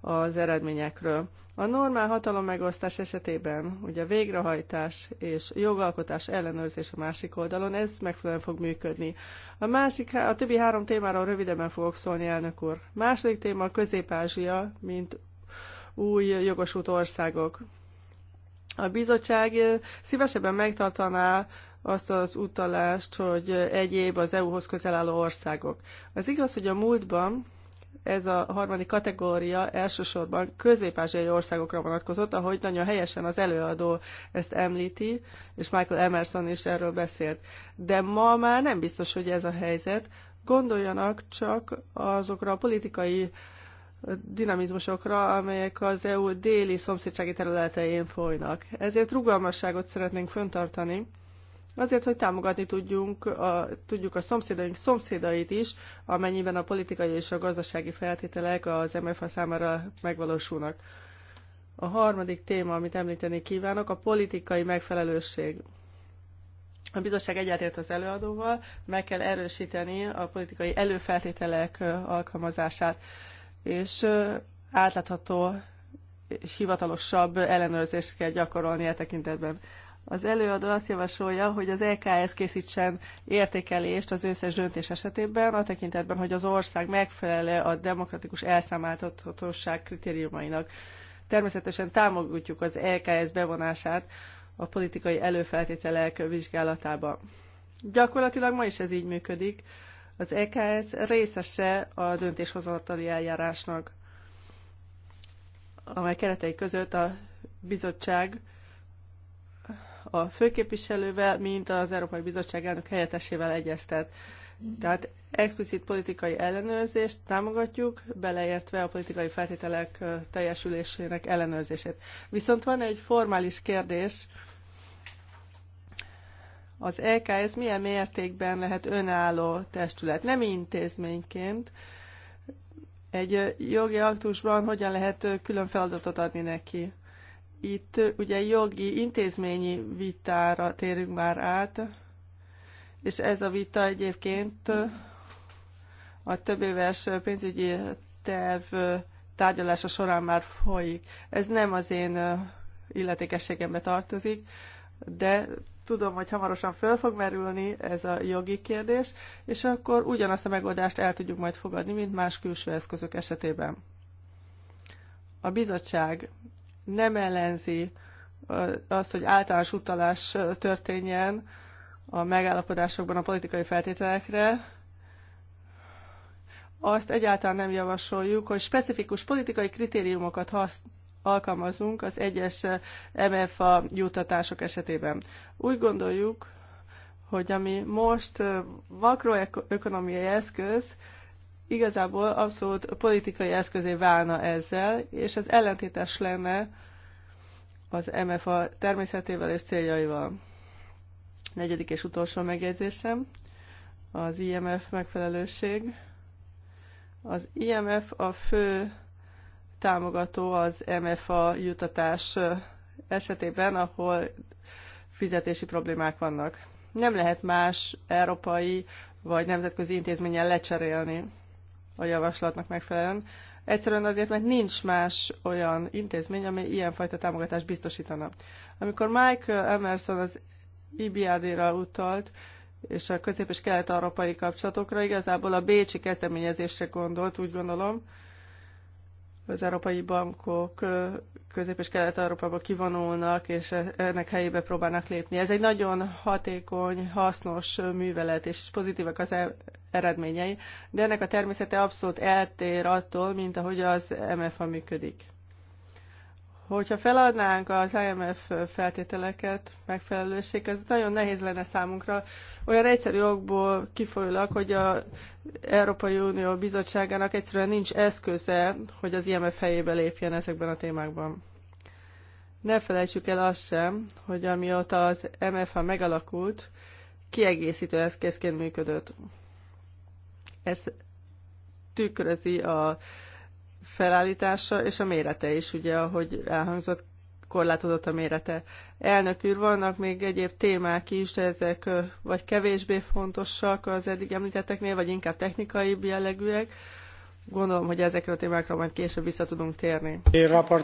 az eredményekről. A normál hatalom megosztás esetében ugye a végrehajtás és jogalkotás ellenőrzés a másik oldalon, ez megfelelően fog működni. A, másik, a többi három témáról rövidebben fogok szólni, elnök úr. Második téma Közép-Ázsia, mint új jogosult országok. A bizottság szívesebben megtartaná azt az utalást, hogy egyéb az EU-hoz közel álló országok. Az igaz, hogy a múltban ez a harmadik kategória elsősorban közép-ázsiai országokra vonatkozott, ahogy nagyon helyesen az előadó ezt említi, és Michael Emerson is erről beszélt. De ma már nem biztos, hogy ez a helyzet. Gondoljanak csak azokra a politikai dinamizmusokra, amelyek az EU déli szomszédsági területein folynak. Ezért rugalmasságot szeretnénk föntartani, azért, hogy támogatni tudjunk a, tudjuk a szomszédaink szomszédait is, amennyiben a politikai és a gazdasági feltételek az MFA számára megvalósulnak. A harmadik téma, amit említeni kívánok, a politikai megfelelősség. A bizottság egyetért az előadóval, meg kell erősíteni a politikai előfeltételek alkalmazását, és átlátható és hivatalosabb ellenőrzést kell gyakorolni e tekintetben. Az előadó azt javasolja, hogy az EKS készítsen értékelést az összes döntés esetében, a tekintetben, hogy az ország megfelele a demokratikus elszámáltathatóság kritériumainak. Természetesen támogatjuk az EKS bevonását a politikai előfeltételek vizsgálatába. Gyakorlatilag ma is ez így működik. Az EKS részese a döntéshozatali eljárásnak, amely keretei között a bizottság a főképviselővel, mint az Európai Bizottság elnök helyettesével egyeztet. Tehát explicit politikai ellenőrzést támogatjuk, beleértve a politikai feltételek teljesülésének ellenőrzését. Viszont van egy formális kérdés, az EKS milyen mértékben lehet önálló testület, nem intézményként, egy jogi aktusban hogyan lehet külön feladatot adni neki. Itt ugye jogi, intézményi vitára térünk már át, és ez a vita egyébként a több éves pénzügyi terv tárgyalása során már folyik. Ez nem az én illetékességembe tartozik, de tudom, hogy hamarosan föl fog merülni ez a jogi kérdés, és akkor ugyanazt a megoldást el tudjuk majd fogadni, mint más külső eszközök esetében. A bizottság nem ellenzi azt, hogy általános utalás történjen a megállapodásokban a politikai feltételekre, azt egyáltalán nem javasoljuk, hogy specifikus politikai kritériumokat hasz, alkalmazunk az egyes MFA juttatások esetében. Úgy gondoljuk, hogy ami most makroökonomiai eszköz, igazából abszolút politikai eszközé válna ezzel, és ez ellentétes lenne az MFA természetével és céljaival. Negyedik és utolsó megjegyzésem, az IMF megfelelőség. Az IMF a fő támogató az MFA jutatás esetében, ahol fizetési problémák vannak. Nem lehet más európai vagy nemzetközi intézményen lecserélni a javaslatnak megfelelően. Egyszerűen azért, mert nincs más olyan intézmény, ami ilyenfajta támogatást biztosítana. Amikor Michael Emerson az IBRD-ra utalt, és a közép- és kelet-európai kapcsolatokra igazából a bécsi kezdeményezésre gondolt, úgy gondolom, az európai bankok Közép- és Kelet-Európába kivonulnak, és e, ennek helyébe próbálnak lépni. Ez egy nagyon hatékony, hasznos művelet, és pozitívak az e, eredményei, de ennek a természete abszolút eltér attól, mint ahogy az MFA működik. Hogyha feladnánk az IMF feltételeket, megfelelőség, ez nagyon nehéz lenne számunkra. Olyan egyszerű okból kifolyólag, hogy az Európai Unió Bizottságának egyszerűen nincs eszköze, hogy az IMF helyébe lépjen ezekben a témákban. Ne felejtsük el azt sem, hogy amióta az MFA megalakult, kiegészítő eszközként működött. Ez tükrözi a felállítása és a mérete is, ugye, ahogy elhangzott, korlátozott a mérete. Elnök úr, vannak még egyéb témák is, de ezek vagy kevésbé fontosak az eddig említetteknél, vagy inkább technikai jellegűek. Gondolom, hogy ezekre a témákra majd később vissza tudunk térni.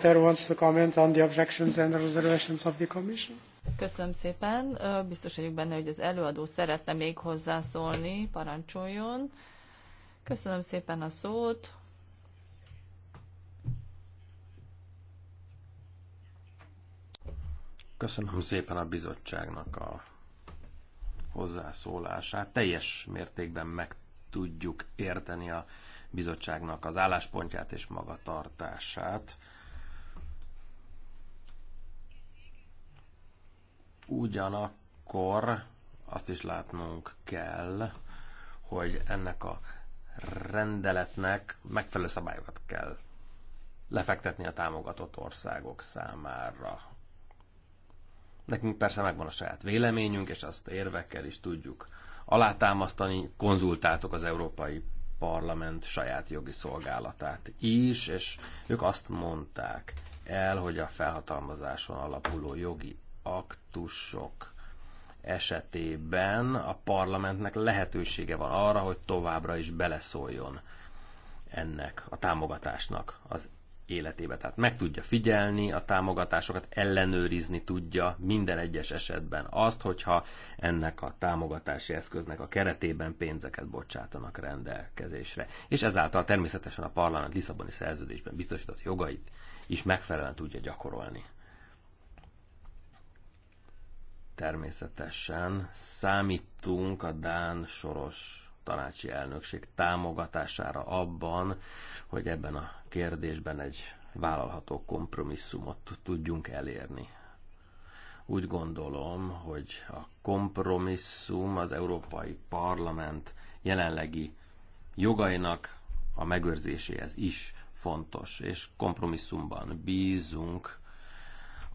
wants to comment on the objections and reservations of the commission. Köszönöm szépen. Biztos vagyok benne, hogy az előadó szeretne még hozzászólni. Parancsoljon. Köszönöm szépen a szót. Köszönöm szépen a bizottságnak a hozzászólását. Teljes mértékben meg tudjuk érteni a bizottságnak az álláspontját és magatartását. Ugyanakkor azt is látnunk kell, hogy ennek a rendeletnek megfelelő szabályokat kell lefektetni a támogatott országok számára. Nekünk persze megvan a saját véleményünk, és azt érvekkel is tudjuk alátámasztani. Konzultáltok az Európai Parlament saját jogi szolgálatát is, és ők azt mondták el, hogy a felhatalmazáson alapuló jogi aktusok esetében a parlamentnek lehetősége van arra, hogy továbbra is beleszóljon ennek a támogatásnak az életébe. Tehát meg tudja figyelni a támogatásokat, ellenőrizni tudja minden egyes esetben azt, hogyha ennek a támogatási eszköznek a keretében pénzeket bocsátanak rendelkezésre. És ezáltal természetesen a parlament Lisszaboni szerződésben biztosított jogait is megfelelően tudja gyakorolni természetesen számítunk a Dán soros tanácsi elnökség támogatására abban, hogy ebben a kérdésben egy vállalható kompromisszumot tudjunk elérni. Úgy gondolom, hogy a kompromisszum az Európai Parlament jelenlegi jogainak a megőrzéséhez is fontos, és kompromisszumban bízunk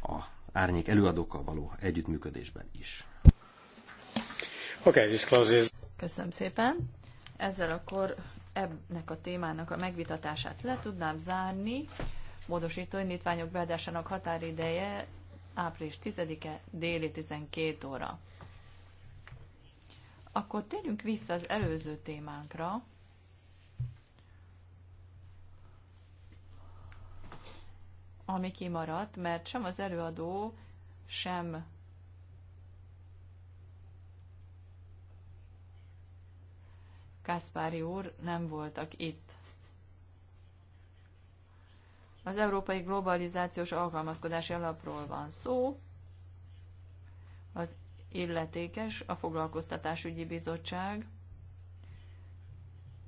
a árnyék előadókkal való együttműködésben is. Okay, this closes. Köszönöm szépen. Ezzel akkor ennek a témának a megvitatását le tudnám zárni. Módosító indítványok beadásának határideje április 10-e déli 12 óra. Akkor térjünk vissza az előző témánkra. ami kimaradt, mert sem az előadó, sem Kaspari úr nem voltak itt. Az Európai Globalizációs Alkalmazkodási Alapról van szó. Az illetékes a Foglalkoztatásügyi Bizottság.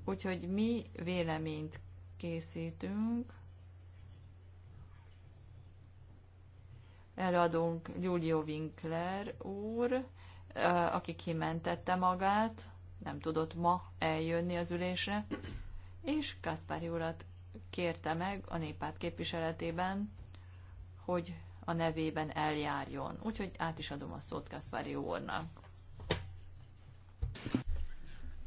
Úgyhogy mi véleményt készítünk. Előadunk Julio Winkler úr, aki kimentette magát nem tudott ma eljönni az ülésre, és Kaspari urat kérte meg a népát képviseletében, hogy a nevében eljárjon. Úgyhogy át is adom a szót Kaspari úrnak.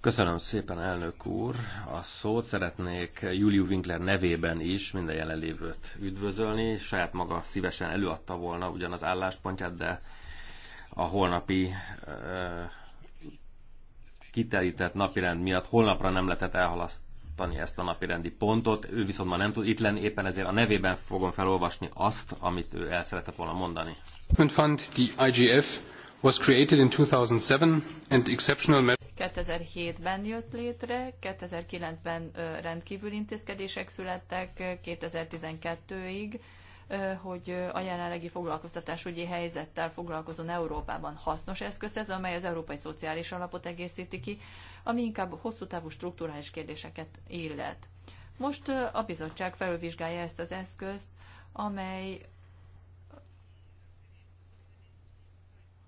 Köszönöm szépen, elnök úr. A szót szeretnék Juliu Winkler nevében is minden jelenlévőt üdvözölni. Saját maga szívesen előadta volna ugyanaz álláspontját, de a holnapi kiterített napirend miatt holnapra nem lehetett elhalasztani ezt a napirendi pontot, ő viszont már nem tud itt lenni, éppen ezért a nevében fogom felolvasni azt, amit ő el szeretett volna mondani. Fund, the IGF, was created in 2007 and exceptional 2007-ben jött létre, 2009-ben rendkívül intézkedések születtek, 2012-ig hogy a jelenlegi foglalkoztatásügyi helyzettel foglalkozon Európában hasznos eszköz ez, amely az Európai Szociális Alapot egészíti ki, ami inkább hosszú távú strukturális kérdéseket illet. Most a bizottság felülvizsgálja ezt az eszközt, amely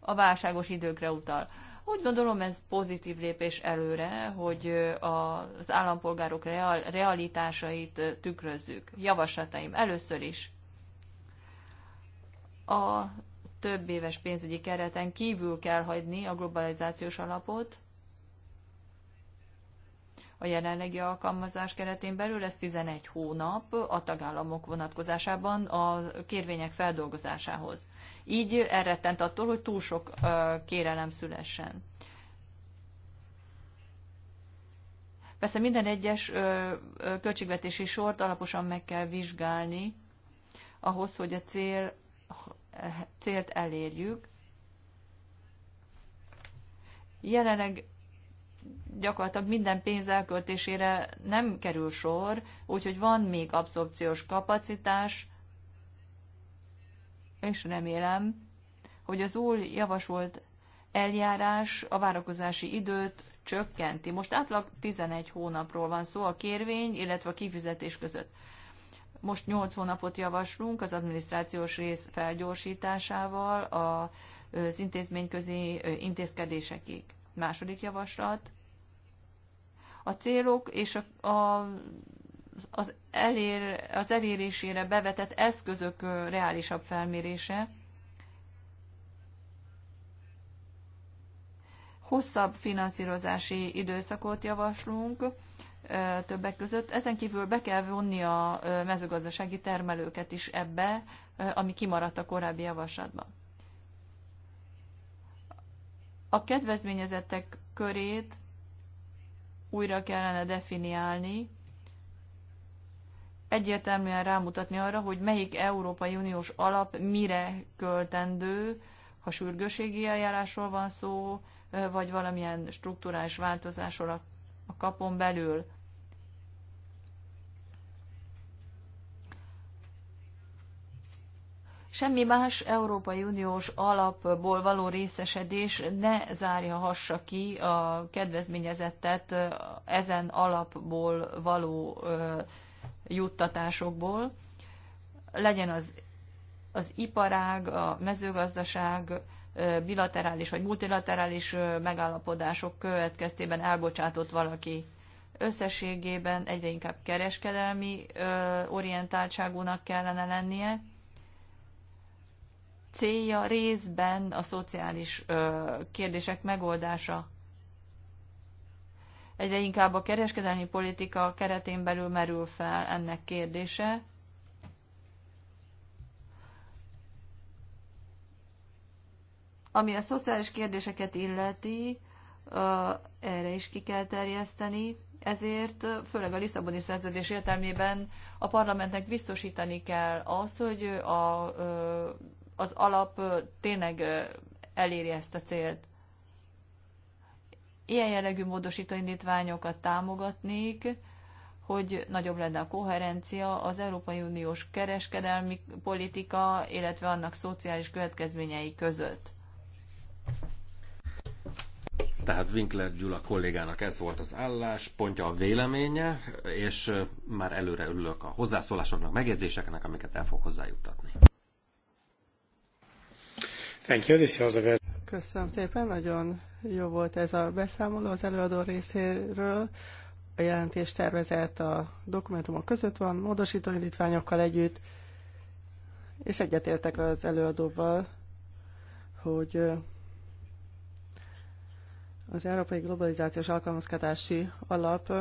a válságos időkre utal. Úgy gondolom ez pozitív lépés előre, hogy az állampolgárok realitásait tükrözzük. Javaslataim először is a több éves pénzügyi kereten kívül kell hagyni a globalizációs alapot, a jelenlegi alkalmazás keretén belül, ez 11 hónap a tagállamok vonatkozásában a kérvények feldolgozásához. Így elrettent attól, hogy túl sok kérelem szülessen. Persze minden egyes költségvetési sort alaposan meg kell vizsgálni, ahhoz, hogy a cél célt elérjük. Jelenleg gyakorlatilag minden pénz elköltésére nem kerül sor, úgyhogy van még abszorpciós kapacitás, és remélem, hogy az új javasolt eljárás a várakozási időt csökkenti. Most átlag 11 hónapról van szó a kérvény, illetve a kifizetés között. Most 8 hónapot javaslunk az adminisztrációs rész felgyorsításával az intézményközi intézkedésekig. Második javaslat. A célok és a, a, az, elér, az elérésére bevetett eszközök reálisabb felmérése. hosszabb finanszírozási időszakot javaslunk, többek között. Ezen kívül be kell vonni a mezőgazdasági termelőket is ebbe, ami kimaradt a korábbi javaslatban. A kedvezményezettek körét újra kellene definiálni, egyértelműen rámutatni arra, hogy melyik Európai Uniós alap mire költendő, ha sürgőségi eljárásról van szó, vagy valamilyen struktúrális változásról a a kapon belül. Semmi más Európai Uniós alapból való részesedés ne zárja hassa ki a kedvezményezettet ezen alapból való juttatásokból. Legyen az, az iparág, a mezőgazdaság, bilaterális vagy multilaterális megállapodások következtében elbocsátott valaki. Összességében egyre inkább kereskedelmi orientáltságúnak kellene lennie. Célja részben a szociális kérdések megoldása. Egyre inkább a kereskedelmi politika keretén belül merül fel ennek kérdése Ami a szociális kérdéseket illeti, erre is ki kell terjeszteni, ezért főleg a Lisszaboni szerződés értelmében a parlamentnek biztosítani kell azt, hogy a, az alap tényleg eléri ezt a célt. Ilyen jellegű módosító indítványokat támogatnék, hogy nagyobb lenne a koherencia az Európai Uniós kereskedelmi politika, illetve annak szociális következményei között. Tehát Winkler Gyula kollégának ez volt az álláspontja, a véleménye, és már előre örülök a hozzászólásoknak, megjegyzéseknek, amiket el fog hozzájuttatni. Thank you, this is very... Köszönöm szépen, nagyon jó volt ez a beszámoló az előadó részéről. A jelentés tervezett a dokumentumok között van, módosító indítványokkal együtt, és egyetértek az előadóval, hogy az Európai Globalizációs Alkalmazkodási Alap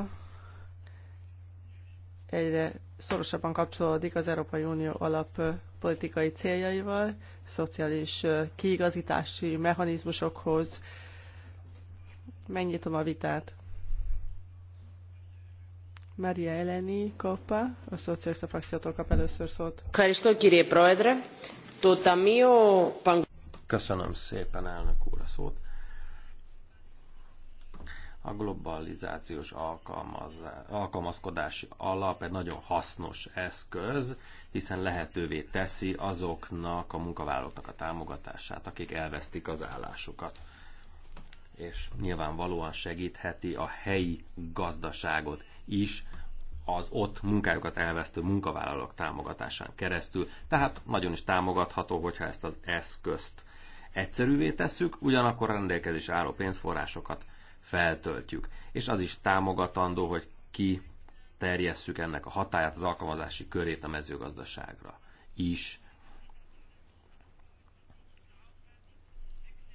egyre szorosabban kapcsolódik az Európai Unió alap politikai céljaival, szociális kiigazítási mechanizmusokhoz. Megnyitom a vitát. Maria Eleni Koppa, a szocialista frakciótól kap először szót. Köszönöm szépen, elnök úr, a szót. A globalizációs alkalmaz, alkalmazkodási alap egy nagyon hasznos eszköz, hiszen lehetővé teszi azoknak a munkavállalóknak a támogatását, akik elvesztik az állásukat és nyilvánvalóan segítheti a helyi gazdaságot is az ott munkájukat elvesztő munkavállalók támogatásán keresztül. Tehát nagyon is támogatható, hogyha ezt az eszközt egyszerűvé tesszük, ugyanakkor rendelkezés álló pénzforrásokat feltöltjük. És az is támogatandó, hogy ki terjesszük ennek a hatáját, az alkalmazási körét a mezőgazdaságra is.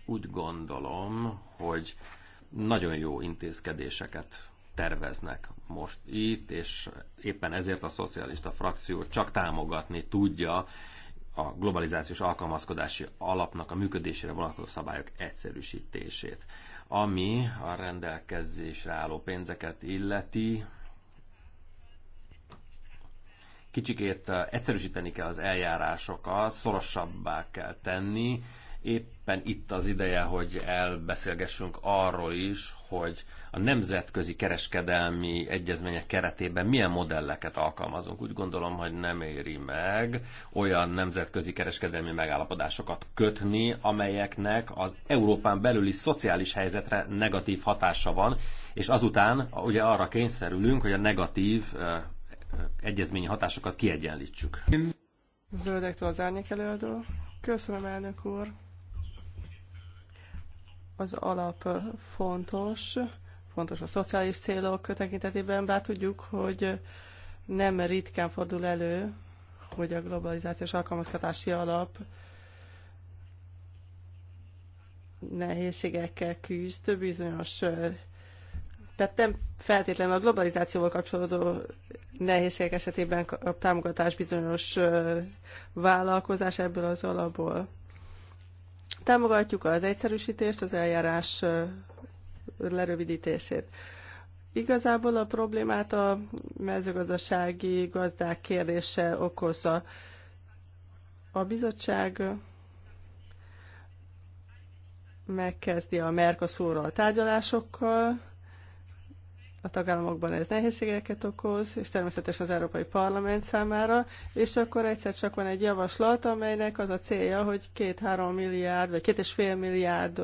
Úgy gondolom, hogy nagyon jó intézkedéseket terveznek most itt, és éppen ezért a szocialista frakció csak támogatni tudja a globalizációs alkalmazkodási alapnak a működésére vonatkozó szabályok egyszerűsítését. Ami a rendelkezésre álló pénzeket illeti, kicsikét eh, egyszerűsíteni kell az eljárásokat, szorosabbá kell tenni, éppen itt az ideje, hogy elbeszélgessünk arról is, hogy a nemzetközi kereskedelmi egyezmények keretében milyen modelleket alkalmazunk. Úgy gondolom, hogy nem éri meg olyan nemzetközi kereskedelmi megállapodásokat kötni, amelyeknek az Európán belüli szociális helyzetre negatív hatása van, és azután ugye arra kényszerülünk, hogy a negatív egyezményi hatásokat kiegyenlítsük. Zöldektől az árnyék előadó. Köszönöm, elnök úr az alap fontos, fontos a szociális célok tekintetében, bár tudjuk, hogy nem ritkán fordul elő, hogy a globalizációs alkalmazkodási alap nehézségekkel küzd, bizonyos tehát nem feltétlenül a globalizációval kapcsolódó nehézségek esetében kap támogatás bizonyos vállalkozás ebből az alapból. Támogatjuk az egyszerűsítést, az eljárás lerövidítését. Igazából a problémát a mezőgazdasági gazdák kérdése okozza. A bizottság megkezdi a Mercosurral tárgyalásokkal, a tagállamokban ez nehézségeket okoz, és természetesen az Európai Parlament számára, és akkor egyszer csak van egy javaslat, amelynek az a célja, hogy két-három milliárd, vagy két és fél milliárd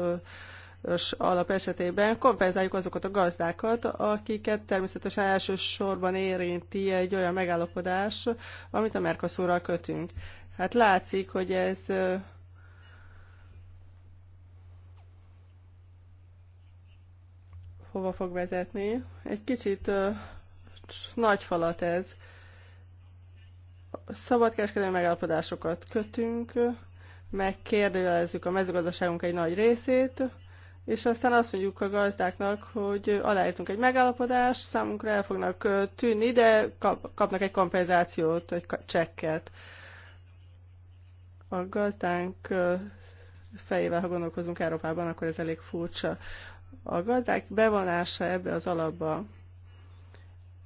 alap esetében kompenzáljuk azokat a gazdákat, akiket természetesen elsősorban érinti egy olyan megállapodás, amit a Mercosurral kötünk. Hát látszik, hogy ez hova fog vezetni. Egy kicsit uh, nagy falat ez. Szabadkereskedelmi megállapodásokat kötünk, megkérdőjelezzük a mezőgazdaságunk egy nagy részét, és aztán azt mondjuk a gazdáknak, hogy aláírtunk egy megállapodást, számunkra el fognak tűnni, de kap, kapnak egy kompenzációt, egy csekket. A gazdánk fejével, ha gondolkozunk Európában, akkor ez elég furcsa. A gazdák bevonása ebbe az alapba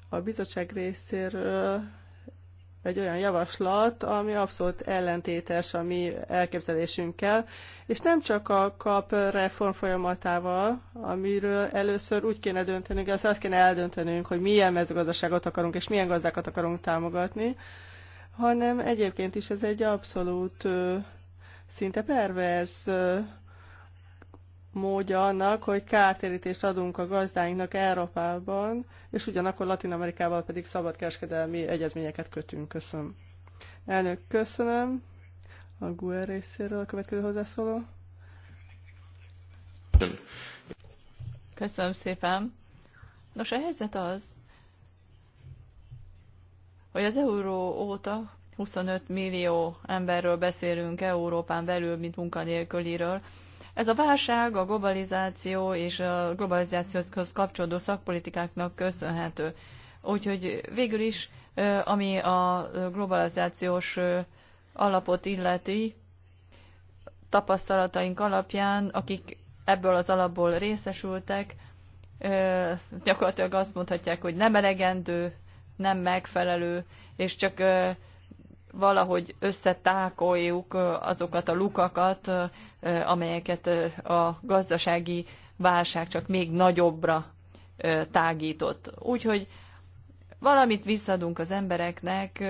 a bizottság részéről egy olyan javaslat, ami abszolút ellentétes a mi elképzelésünkkel, és nem csak a kap reform folyamatával, amiről először úgy kéne döntenünk, az azt kéne eldöntenünk, hogy milyen mezőgazdaságot akarunk, és milyen gazdákat akarunk támogatni, hanem egyébként is ez egy abszolút szinte pervers módja annak, hogy kártérítést adunk a gazdáinknak Európában, és ugyanakkor Latin Amerikával pedig szabadkereskedelmi egyezményeket kötünk. Köszönöm. Elnök, köszönöm. A GUER részéről a következő hozzászóló. Köszönöm szépen. Nos, a helyzet az, hogy az euró óta 25 millió emberről beszélünk Európán belül, mint munkanélküliről, ez a válság a globalizáció és a globalizációhoz kapcsolódó szakpolitikáknak köszönhető. Úgyhogy végül is, ami a globalizációs alapot illeti, tapasztalataink alapján, akik ebből az alapból részesültek, gyakorlatilag azt mondhatják, hogy nem elegendő, nem megfelelő, és csak valahogy összetákoljuk azokat a lukakat, amelyeket a gazdasági válság csak még nagyobbra tágított. Úgyhogy valamit visszadunk az embereknek,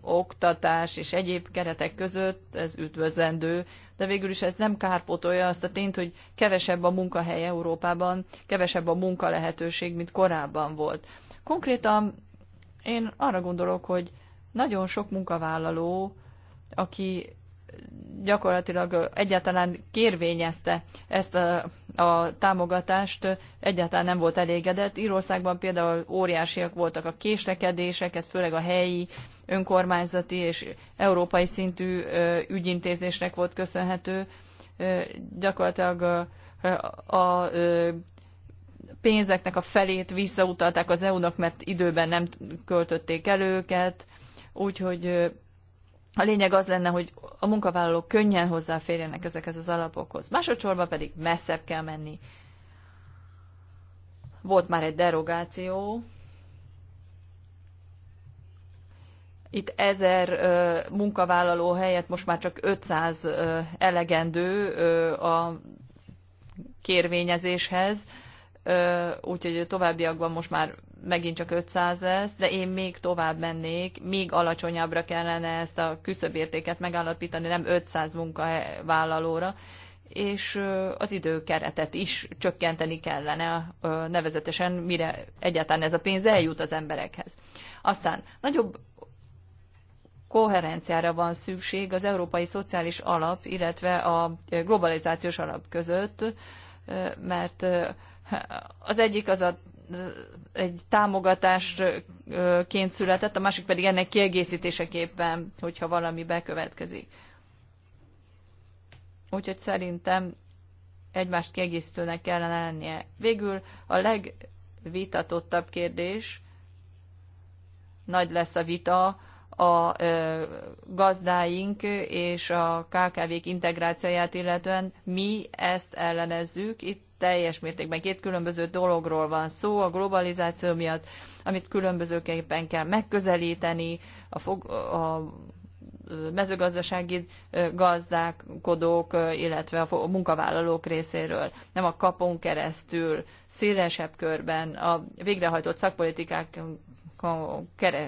oktatás és egyéb keretek között, ez üdvözlendő, de végül is ez nem kárpotolja azt a tényt, hogy kevesebb a munkahely Európában, kevesebb a munka lehetőség, mint korábban volt. Konkrétan én arra gondolok, hogy nagyon sok munkavállaló, aki gyakorlatilag egyáltalán kérvényezte ezt a, a támogatást, egyáltalán nem volt elégedett. Írországban például óriásiak voltak a késlekedések, ez főleg a helyi önkormányzati és európai szintű ügyintézésnek volt köszönhető. Gyakorlatilag a, a pénzeknek a felét visszautalták az EU-nak, mert időben nem költötték el őket, úgyhogy a lényeg az lenne, hogy a munkavállalók könnyen hozzáférjenek ezekhez az alapokhoz. Másodszorban pedig messzebb kell menni. Volt már egy derogáció, itt ezer munkavállaló helyett most már csak 500 uh, elegendő a kérvényezéshez, úgyhogy a továbbiakban most már megint csak 500 lesz, de én még tovább mennék, még alacsonyabbra kellene ezt a küszöbértéket megállapítani, nem 500 munkavállalóra, és az időkeretet is csökkenteni kellene, nevezetesen mire egyáltalán ez a pénz eljut az emberekhez. Aztán nagyobb koherenciára van szükség az Európai Szociális Alap, illetve a globalizációs alap között, mert az egyik az a egy támogatásként született, a másik pedig ennek kiegészítéseképpen, hogyha valami bekövetkezik. Úgyhogy szerintem egymást kiegészítőnek kellene lennie. Végül a legvitatottabb kérdés, nagy lesz a vita a gazdáink és a KKV-k integrációját illetően mi ezt ellenezzük. Itt teljes mértékben két különböző dologról van szó a globalizáció miatt, amit különbözőképpen kell megközelíteni, a, fog, a mezőgazdasági gazdálkodók, illetve a munkavállalók részéről, nem a kapon keresztül, szélesebb körben a végrehajtott szakpolitikák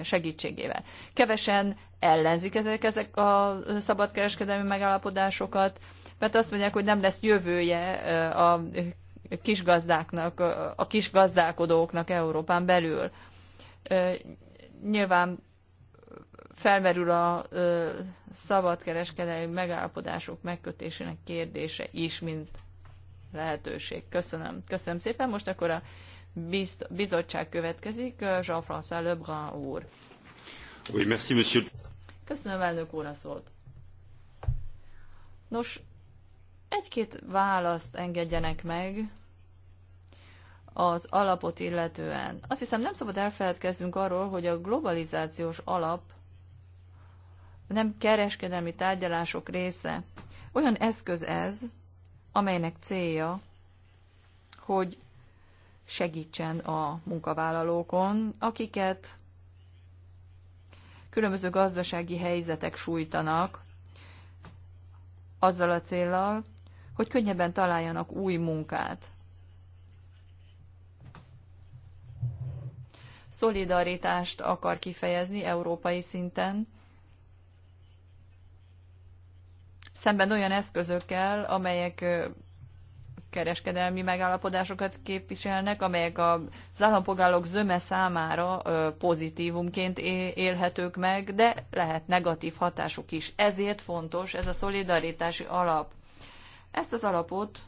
segítségével. Kevesen ellenzik ezek, ezek a szabadkereskedelmi megállapodásokat, mert azt mondják, hogy nem lesz jövője a kisgazdáknak, a kisgazdálkodóknak Európán belül. Nyilván felmerül a szabadkereskedelmi megállapodások megkötésének kérdése is, mint lehetőség. Köszönöm. Köszönöm szépen. Most akkor a bizt, bizottság következik, Jean-François Lebrun úr. Oui, merci, monsieur. Köszönöm, elnök úr, a szót. Nos, egy-két választ engedjenek meg az alapot illetően. Azt hiszem nem szabad elfeledkeznünk arról, hogy a globalizációs alap nem kereskedelmi tárgyalások része. Olyan eszköz ez, amelynek célja, hogy segítsen a munkavállalókon, akiket különböző gazdasági helyzetek sújtanak, azzal a céllal, hogy könnyebben találjanak új munkát. Szolidaritást akar kifejezni európai szinten, szemben olyan eszközökkel, amelyek kereskedelmi megállapodásokat képviselnek, amelyek az állampolgárok zöme számára pozitívumként élhetők meg, de lehet negatív hatásuk is. Ezért fontos ez a szolidaritási alap. Ezt az alapot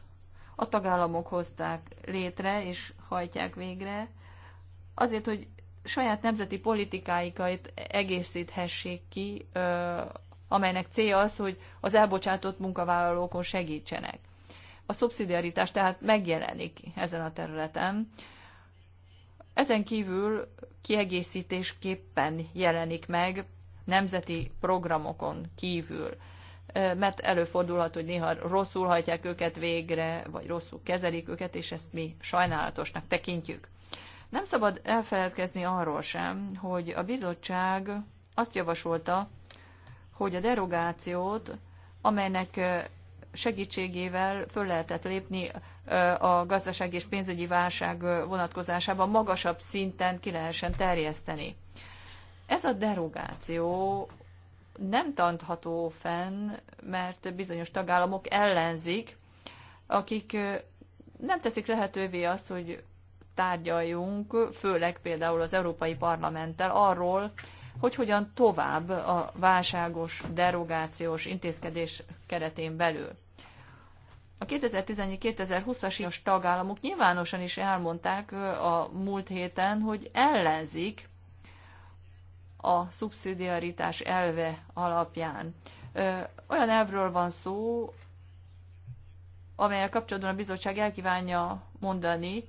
a tagállamok hozták létre és hajtják végre, azért, hogy saját nemzeti politikáikat egészíthessék ki, amelynek célja az, hogy az elbocsátott munkavállalókon segítsenek a szubszidiaritás tehát megjelenik ezen a területen. Ezen kívül kiegészítésképpen jelenik meg nemzeti programokon kívül, mert előfordulhat, hogy néha rosszul hajtják őket végre, vagy rosszul kezelik őket, és ezt mi sajnálatosnak tekintjük. Nem szabad elfeledkezni arról sem, hogy a bizottság azt javasolta, hogy a derogációt, amelynek segítségével föl lehetett lépni a gazdaság és pénzügyi válság vonatkozásában magasabb szinten ki lehessen terjeszteni. Ez a derogáció nem tantható fenn, mert bizonyos tagállamok ellenzik, akik nem teszik lehetővé azt, hogy tárgyaljunk, főleg például az Európai Parlamenttel arról, hogy hogyan tovább a válságos derogációs intézkedés keretén belül. A 2014-2020-as tagállamok nyilvánosan is elmondták a múlt héten, hogy ellenzik a szubszidiaritás elve alapján. Olyan elvről van szó, amelyel kapcsolatban a bizottság elkívánja mondani,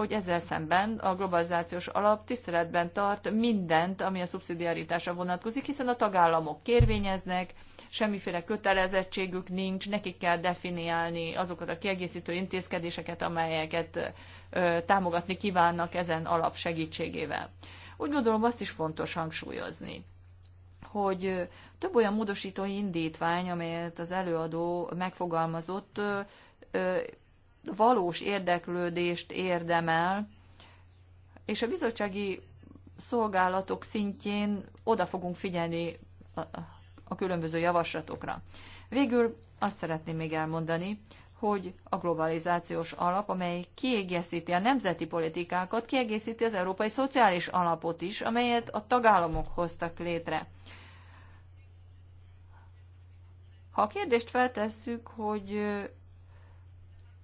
hogy ezzel szemben a globalizációs alap tiszteletben tart mindent, ami a szubszidiaritásra vonatkozik, hiszen a tagállamok kérvényeznek, semmiféle kötelezettségük nincs, nekik kell definiálni azokat a kiegészítő intézkedéseket, amelyeket ö, támogatni kívánnak ezen alap segítségével. Úgy gondolom azt is fontos hangsúlyozni hogy több olyan módosító indítvány, amelyet az előadó megfogalmazott, valós érdeklődést érdemel, és a bizottsági szolgálatok szintjén oda fogunk figyelni a, a különböző javaslatokra. Végül azt szeretném még elmondani, hogy a globalizációs alap, amely kiegészíti a nemzeti politikákat, kiegészíti az európai szociális alapot is, amelyet a tagállamok hoztak létre. Ha a kérdést feltesszük, hogy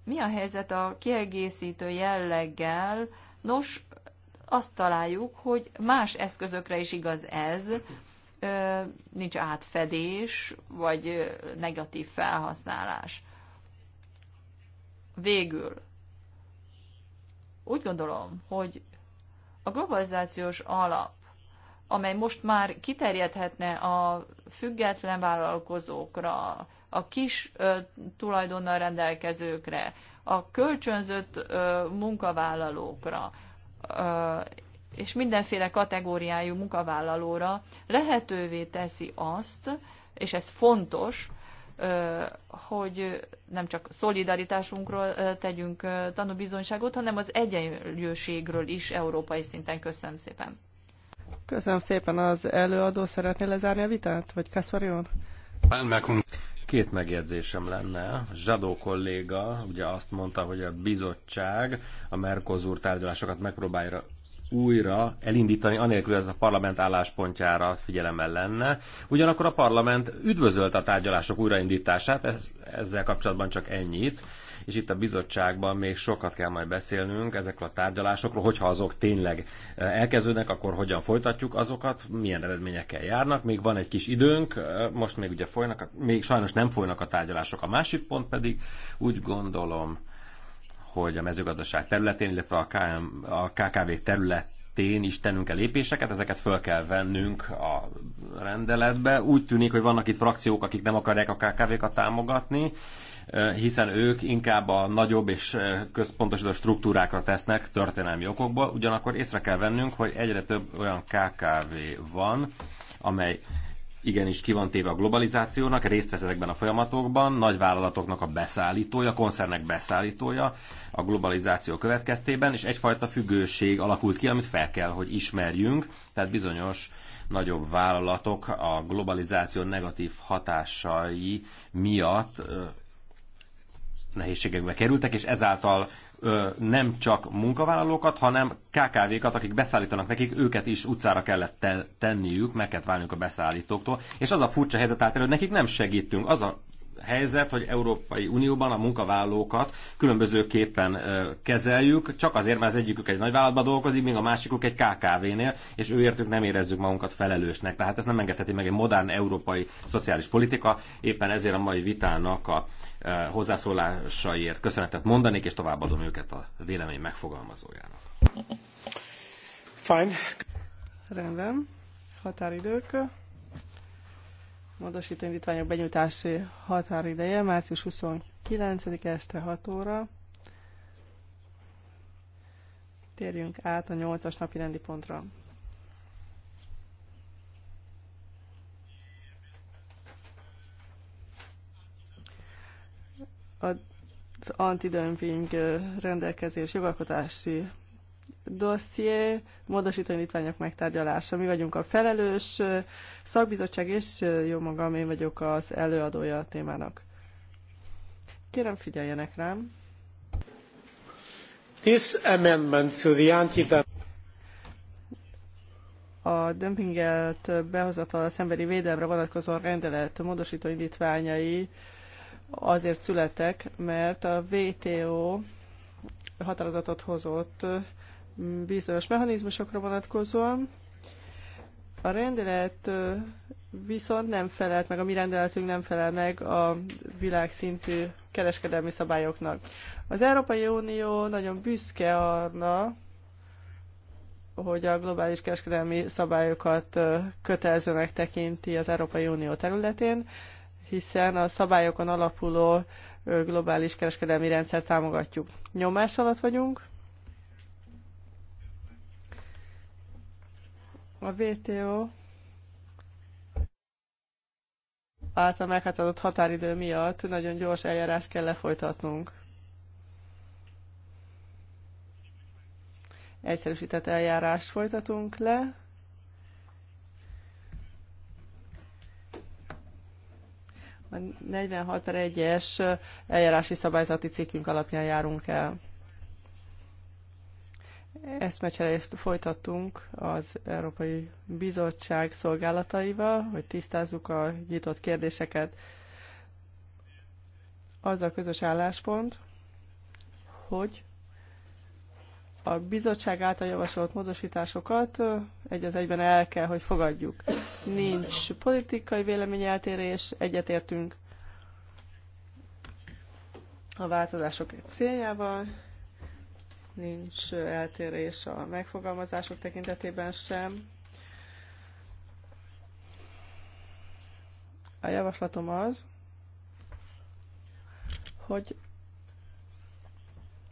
mi a helyzet a kiegészítő jelleggel? Nos, azt találjuk, hogy más eszközökre is igaz ez, nincs átfedés, vagy negatív felhasználás. Végül, úgy gondolom, hogy a globalizációs alap, amely most már kiterjedhetne a független vállalkozókra, a kis tulajdonnal rendelkezőkre, a kölcsönzött munkavállalókra, és mindenféle kategóriájú munkavállalóra lehetővé teszi azt, és ez fontos, hogy nem csak szolidaritásunkról tegyünk tanúbizonyságot, hanem az egyenlőségről is európai szinten. Köszönöm szépen. Köszönöm szépen. Az előadó szeretné lezárni a vitát, vagy Kasparion? Két megjegyzésem lenne. Zsadó kolléga ugye azt mondta, hogy a bizottság a Mercosur tárgyalásokat megpróbálja újra elindítani, anélkül ez a parlament álláspontjára figyelemmel lenne. Ugyanakkor a parlament üdvözölte a tárgyalások újraindítását, ez, ezzel kapcsolatban csak ennyit és itt a bizottságban még sokat kell majd beszélnünk ezekről a tárgyalásokról, hogyha azok tényleg e, elkezdődnek, akkor hogyan folytatjuk azokat, milyen eredményekkel járnak, még van egy kis időnk, e, most még ugye folynak, még sajnos nem folynak a tárgyalások. A másik pont pedig úgy gondolom, hogy a mezőgazdaság területén, illetve a, KM, a KKV terület területén is tennünk el lépéseket, ezeket föl kell vennünk a rendeletbe. Úgy tűnik, hogy vannak itt frakciók, akik nem akarják a KKV-kat támogatni, hiszen ők inkább a nagyobb és központosított struktúrákra tesznek történelmi okokból, ugyanakkor észre kell vennünk, hogy egyre több olyan KKV van, amely igenis ki van téve a globalizációnak, részt vesz ezekben a folyamatokban, nagy vállalatoknak a beszállítója, koncernek beszállítója a globalizáció következtében, és egyfajta függőség alakult ki, amit fel kell, hogy ismerjünk, tehát bizonyos nagyobb vállalatok a globalizáció negatív hatásai miatt nehézségekbe kerültek, és ezáltal ö, nem csak munkavállalókat, hanem KKV-kat, akik beszállítanak nekik, őket is utcára kellett tenniük, meg kellett válniuk a beszállítóktól. És az a furcsa helyzet állt elő, nekik nem segítünk. Az a helyzet, hogy Európai Unióban a munkavállalókat különbözőképpen kezeljük, csak azért, mert az egyikük egy nagyvállalatban dolgozik, míg a másikuk egy KKV-nél, és őértük nem érezzük magunkat felelősnek. Tehát ezt nem engedheti meg egy modern európai szociális politika, éppen ezért a mai vitának a hozzászólásaiért köszönetet mondanék, és továbbadom őket a vélemény megfogalmazójának. Fine. Rendben. Határidők módosító indítványok benyújtási határideje március 29 este 6 óra. Térjünk át a 8-as napi rendi pontra. Az antidömping rendelkezés jogalkotási dosszié, módosító indítványok megtárgyalása. Mi vagyunk a felelős szakbizottság, és jó magam, én vagyok az előadója a témának. Kérem figyeljenek rám. This amendment to the anti a dömpingelt behozatal az emberi védelemre vonatkozó rendelet módosító indítványai azért születek, mert a WTO határozatot hozott bizonyos mechanizmusokra vonatkozóan. A rendelet viszont nem felelt meg, a mi rendeletünk nem felel meg a világszintű kereskedelmi szabályoknak. Az Európai Unió nagyon büszke arra, hogy a globális kereskedelmi szabályokat kötelezőnek tekinti az Európai Unió területén, hiszen a szabályokon alapuló globális kereskedelmi rendszer támogatjuk. Nyomás alatt vagyunk, A WTO által meghatározott határidő miatt nagyon gyors eljárást kell lefolytatnunk. Egyszerűsített eljárást folytatunk le. A 46 per 1-es eljárási szabályzati cikkünk alapján járunk el eszmecserést folytattunk az Európai Bizottság szolgálataival, hogy tisztázzuk a nyitott kérdéseket. Az a közös álláspont, hogy a bizottság által javasolt módosításokat egy az egyben el kell, hogy fogadjuk. Nincs politikai véleményeltérés, egyetértünk a változások egy céljával, nincs eltérés a megfogalmazások tekintetében sem. A javaslatom az, hogy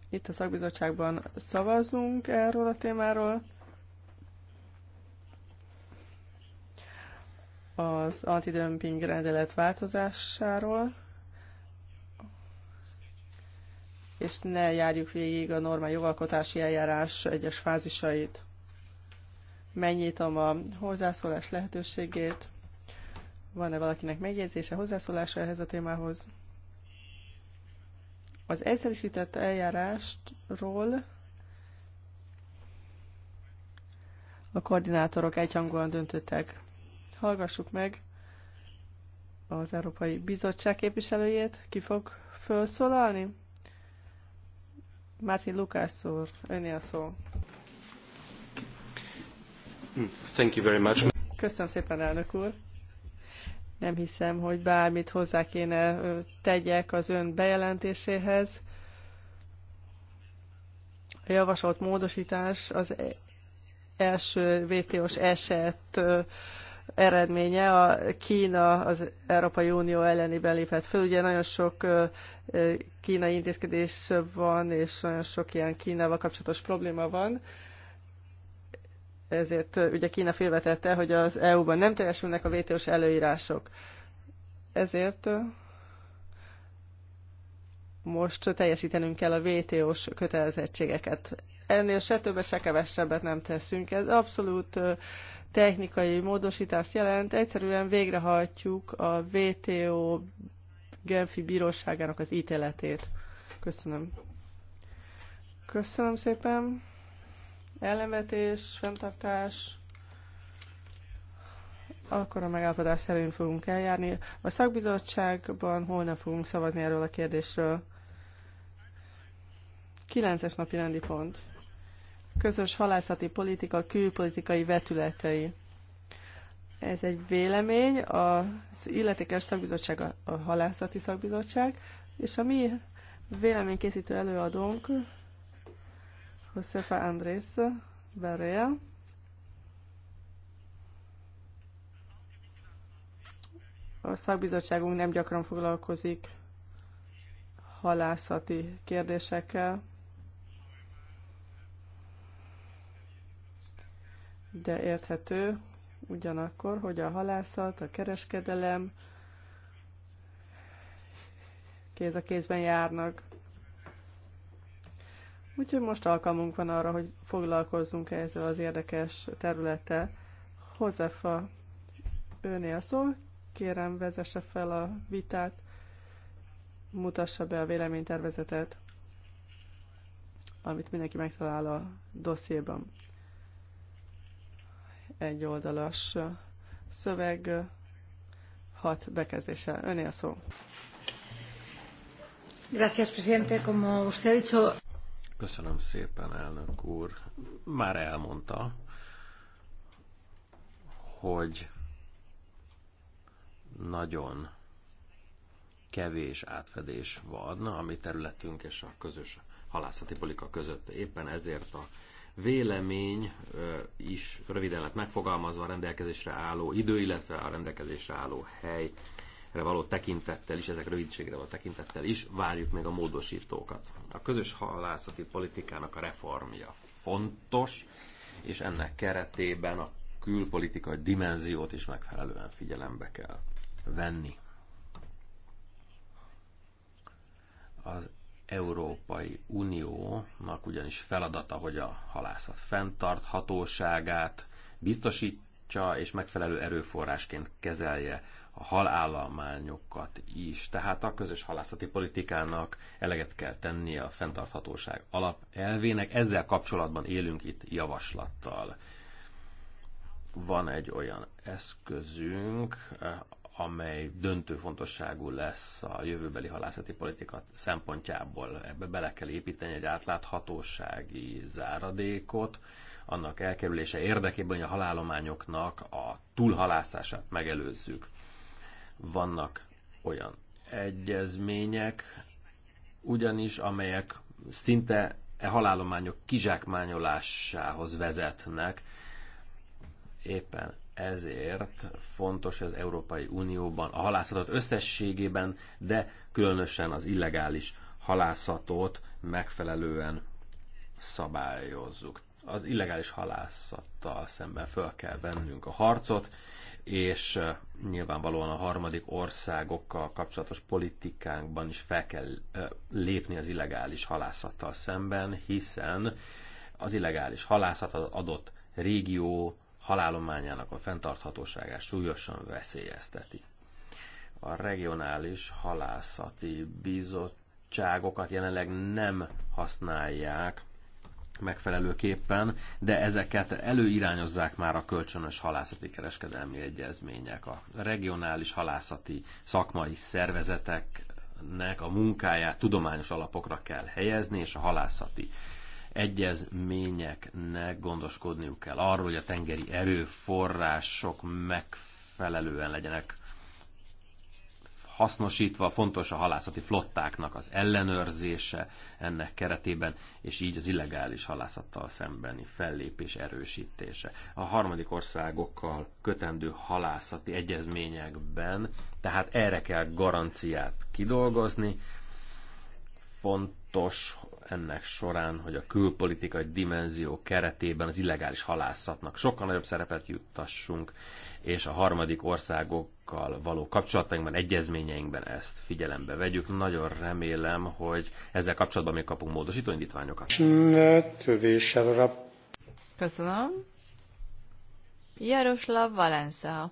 itt a szakbizottságban szavazunk erről a témáról. Az antidömping rendelet változásáról. és ne járjuk végig a normál jogalkotási eljárás egyes fázisait. Megnyitom a hozzászólás lehetőségét. Van-e valakinek megjegyzése, hozzászólása ehhez a témához? Az egyszerűsített eljárástról a koordinátorok egyhangúan döntöttek. Hallgassuk meg az Európai Bizottság képviselőjét, ki fog felszólalni? Martin Lukács úr, önél szó. Thank you very much. Köszönöm szépen, elnök úr. Nem hiszem, hogy bármit hozzá kéne tegyek az ön bejelentéséhez. A javasolt módosítás az e- első VTO-s eset eredménye a Kína az Európai Unió elleni belépett föl. Ugye nagyon sok kínai intézkedés van, és nagyon sok ilyen Kínával kapcsolatos probléma van. Ezért ugye Kína félvetette, hogy az EU-ban nem teljesülnek a WTO-s előírások. Ezért most teljesítenünk kell a WTO-s kötelezettségeket. Ennél se többet, se kevesebbet nem teszünk. Ez abszolút technikai módosítást jelent, egyszerűen végrehajtjuk a WTO Genfi Bíróságának az ítéletét. Köszönöm. Köszönöm szépen. Ellenvetés, fenntartás. Akkor a megállapodás szerint fogunk eljárni. A szakbizottságban holnap fogunk szavazni erről a kérdésről. 9-es napi rendi pont közös halászati politika külpolitikai vetületei. Ez egy vélemény, az illetékes szakbizottság a halászati szakbizottság, és a mi véleménykészítő előadónk Josefa Andrés Berrea. A szakbizottságunk nem gyakran foglalkozik halászati kérdésekkel. de érthető ugyanakkor, hogy a halászat, a kereskedelem kéz a kézben járnak. Úgyhogy most alkalmunk van arra, hogy foglalkozzunk -e ezzel az érdekes területtel. Hozefa, őnél szó, kérem vezesse fel a vitát, mutassa be a véleménytervezetet, amit mindenki megtalál a dossziéban egy oldalas szöveg hat bekezdése. Öné a szó. Gracias, presidente. Como usted ha dicho... Köszönöm szépen, elnök úr. Már elmondta, hogy nagyon kevés átfedés van a mi területünk és a közös halászati politika között. Éppen ezért a vélemény is röviden lett megfogalmazva a rendelkezésre álló idő, illetve a rendelkezésre álló helyre való tekintettel is, ezek rövidségre való tekintettel is, várjuk meg a módosítókat. A közös halászati politikának a reformja fontos, és ennek keretében a külpolitikai dimenziót is megfelelően figyelembe kell venni. Az Európai Uniónak ugyanis feladata, hogy a halászat fenntarthatóságát biztosítsa és megfelelő erőforrásként kezelje a halállományokat is. Tehát a közös halászati politikának eleget kell tennie a fenntarthatóság alapelvének. Ezzel kapcsolatban élünk itt javaslattal. Van egy olyan eszközünk, amely döntő fontosságú lesz a jövőbeli halászati politika szempontjából. Ebbe bele kell építeni egy átláthatósági záradékot, annak elkerülése érdekében, hogy a halálományoknak a túlhalászását megelőzzük. Vannak olyan egyezmények, ugyanis amelyek szinte e halálományok kizsákmányolásához vezetnek, éppen ezért fontos az Európai Unióban a halászatot összességében, de különösen az illegális halászatot megfelelően szabályozzuk. Az illegális halászattal szemben föl kell vennünk a harcot, és eh, nyilvánvalóan a harmadik országokkal kapcsolatos politikánkban is fel kell eh, lépni az illegális halászattal szemben, hiszen az illegális halászat az adott régió, halálományának a fenntarthatóságát súlyosan veszélyezteti. A regionális halászati bizottságokat jelenleg nem használják megfelelőképpen, de ezeket előirányozzák már a kölcsönös halászati kereskedelmi egyezmények. A regionális halászati szakmai szervezeteknek a munkáját tudományos alapokra kell helyezni, és a halászati egyezményeknek gondoskodniuk kell arról, hogy a tengeri erőforrások megfelelően legyenek hasznosítva, fontos a halászati flottáknak az ellenőrzése ennek keretében, és így az illegális halászattal szembeni fellépés erősítése. A harmadik országokkal kötendő halászati egyezményekben, tehát erre kell garanciát kidolgozni, fontos ennek során, hogy a külpolitikai dimenzió keretében az illegális halászatnak sokkal nagyobb szerepet juttassunk, és a harmadik országokkal való kapcsolatainkban, egyezményeinkben ezt figyelembe vegyük. Nagyon remélem, hogy ezzel kapcsolatban még kapunk módosító indítványokat. Köszönöm. Jaroslav Valensa.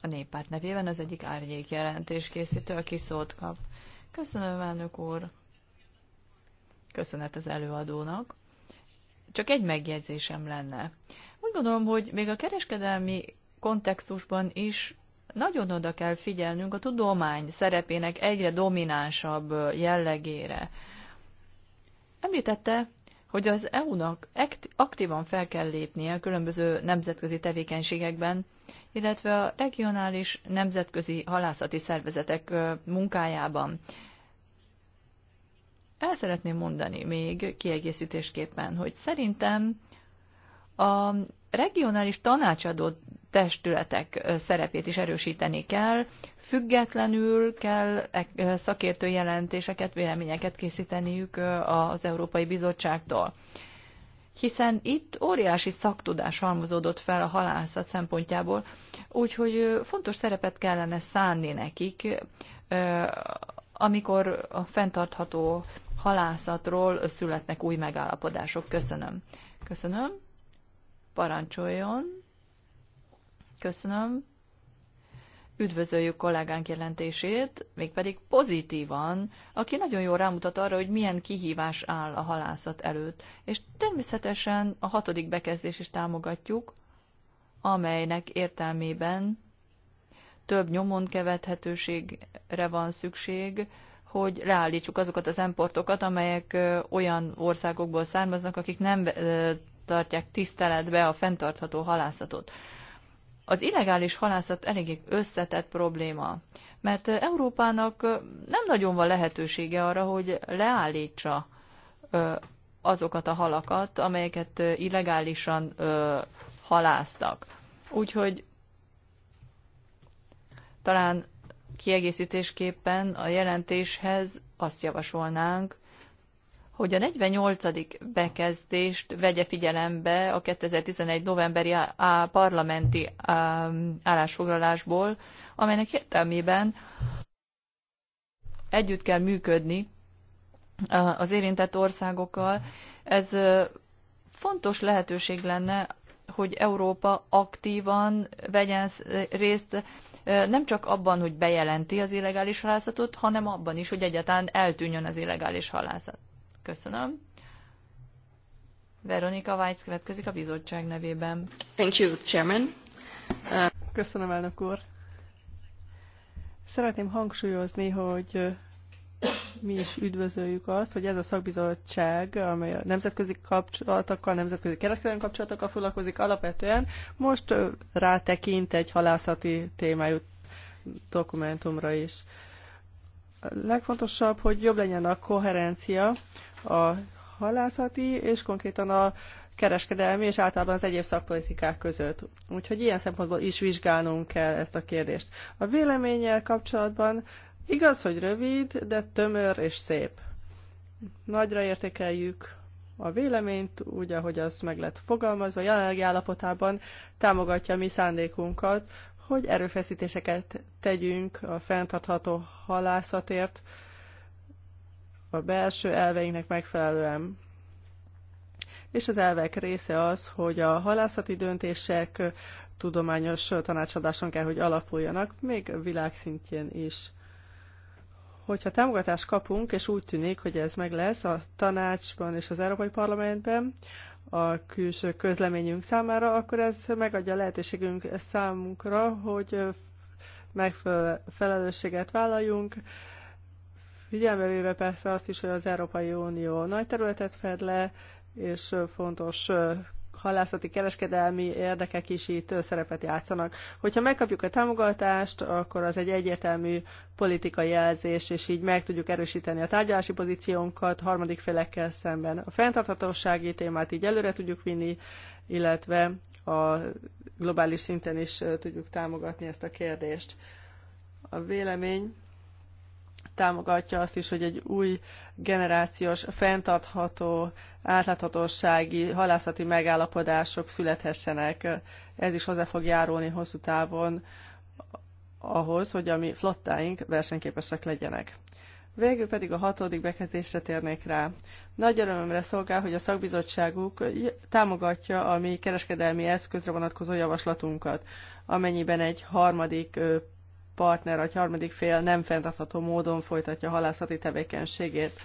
A néppárt nevében az egyik árnyék jelentés készítő, aki szót kap. Köszönöm, elnök úr! Köszönet az előadónak. Csak egy megjegyzésem lenne. Úgy gondolom, hogy még a kereskedelmi kontextusban is nagyon oda kell figyelnünk a tudomány szerepének egyre dominánsabb jellegére. Említette, hogy az EU-nak aktívan fel kell lépnie a különböző nemzetközi tevékenységekben, illetve a regionális nemzetközi halászati szervezetek munkájában el szeretném mondani még kiegészítésképpen, hogy szerintem a regionális tanácsadó testületek szerepét is erősíteni kell, függetlenül kell e, szakértő jelentéseket, véleményeket készíteniük az Európai Bizottságtól. Hiszen itt óriási szaktudás halmozódott fel a halászat szempontjából, úgyhogy fontos szerepet kellene szánni nekik, amikor a fenntartható halászatról születnek új megállapodások. Köszönöm. Köszönöm. Parancsoljon. Köszönöm. Üdvözöljük kollégánk jelentését, mégpedig pozitívan, aki nagyon jól rámutat arra, hogy milyen kihívás áll a halászat előtt. És természetesen a hatodik bekezdés is támogatjuk, amelynek értelmében több nyomon követhetőségre van szükség, hogy leállítsuk azokat az importokat, amelyek olyan országokból származnak, akik nem tartják tiszteletbe a fenntartható halászatot. Az illegális halászat eléggé összetett probléma, mert Európának nem nagyon van lehetősége arra, hogy leállítsa azokat a halakat, amelyeket illegálisan haláztak. Úgyhogy talán kiegészítésképpen a jelentéshez azt javasolnánk, hogy a 48. bekezdést vegye figyelembe a 2011. novemberi á, parlamenti á, állásfoglalásból, amelynek értelmében együtt kell működni az érintett országokkal. Ez fontos lehetőség lenne, hogy Európa aktívan vegyen részt nem csak abban, hogy bejelenti az illegális halászatot, hanem abban is, hogy egyáltalán eltűnjön az illegális halászat. Köszönöm. Veronika Weitz következik a bizottság nevében. Thank you, Chairman. Uh... Köszönöm, elnök úr. Szeretném hangsúlyozni, hogy mi is üdvözöljük azt, hogy ez a szakbizottság, amely a nemzetközi kapcsolatokkal, nemzetközi kereskedelmi kapcsolatokkal foglalkozik alapvetően, most rátekint egy halászati témájú dokumentumra is. A legfontosabb, hogy jobb legyen a koherencia a halászati és konkrétan a kereskedelmi és általában az egyéb szakpolitikák között. Úgyhogy ilyen szempontból is vizsgálnunk kell ezt a kérdést. A véleménnyel kapcsolatban Igaz, hogy rövid, de tömör és szép. Nagyra értékeljük a véleményt, úgy, ahogy az meg lett fogalmazva, jelenlegi állapotában támogatja mi szándékunkat, hogy erőfeszítéseket tegyünk a fenntartható halászatért a belső elveinknek megfelelően. És az elvek része az, hogy a halászati döntések tudományos tanácsadáson kell, hogy alapuljanak, még világszintjén is hogyha támogatást kapunk, és úgy tűnik, hogy ez meg lesz a tanácsban és az Európai Parlamentben, a külső közleményünk számára, akkor ez megadja lehetőségünk számunkra, hogy megfelelősséget vállaljunk, figyelme véve persze azt is, hogy az Európai Unió nagy területet fed le, és fontos halászati kereskedelmi érdekek is itt szerepet játszanak. Hogyha megkapjuk a támogatást, akkor az egy egyértelmű politikai jelzés, és így meg tudjuk erősíteni a tárgyalási pozíciónkat harmadik felekkel szemben. A fenntarthatósági témát így előre tudjuk vinni, illetve a globális szinten is tudjuk támogatni ezt a kérdést. A vélemény támogatja azt is, hogy egy új generációs fenntartható átláthatósági halászati megállapodások születhessenek. Ez is hozzá fog járulni hosszú távon ahhoz, hogy a mi flottáink versenyképesek legyenek. Végül pedig a hatodik bekezdésre térnék rá. Nagy örömömre szolgál, hogy a szakbizottságuk támogatja a mi kereskedelmi eszközre vonatkozó javaslatunkat, amennyiben egy harmadik partner, vagy harmadik fél nem fenntartható módon folytatja halászati tevékenységét.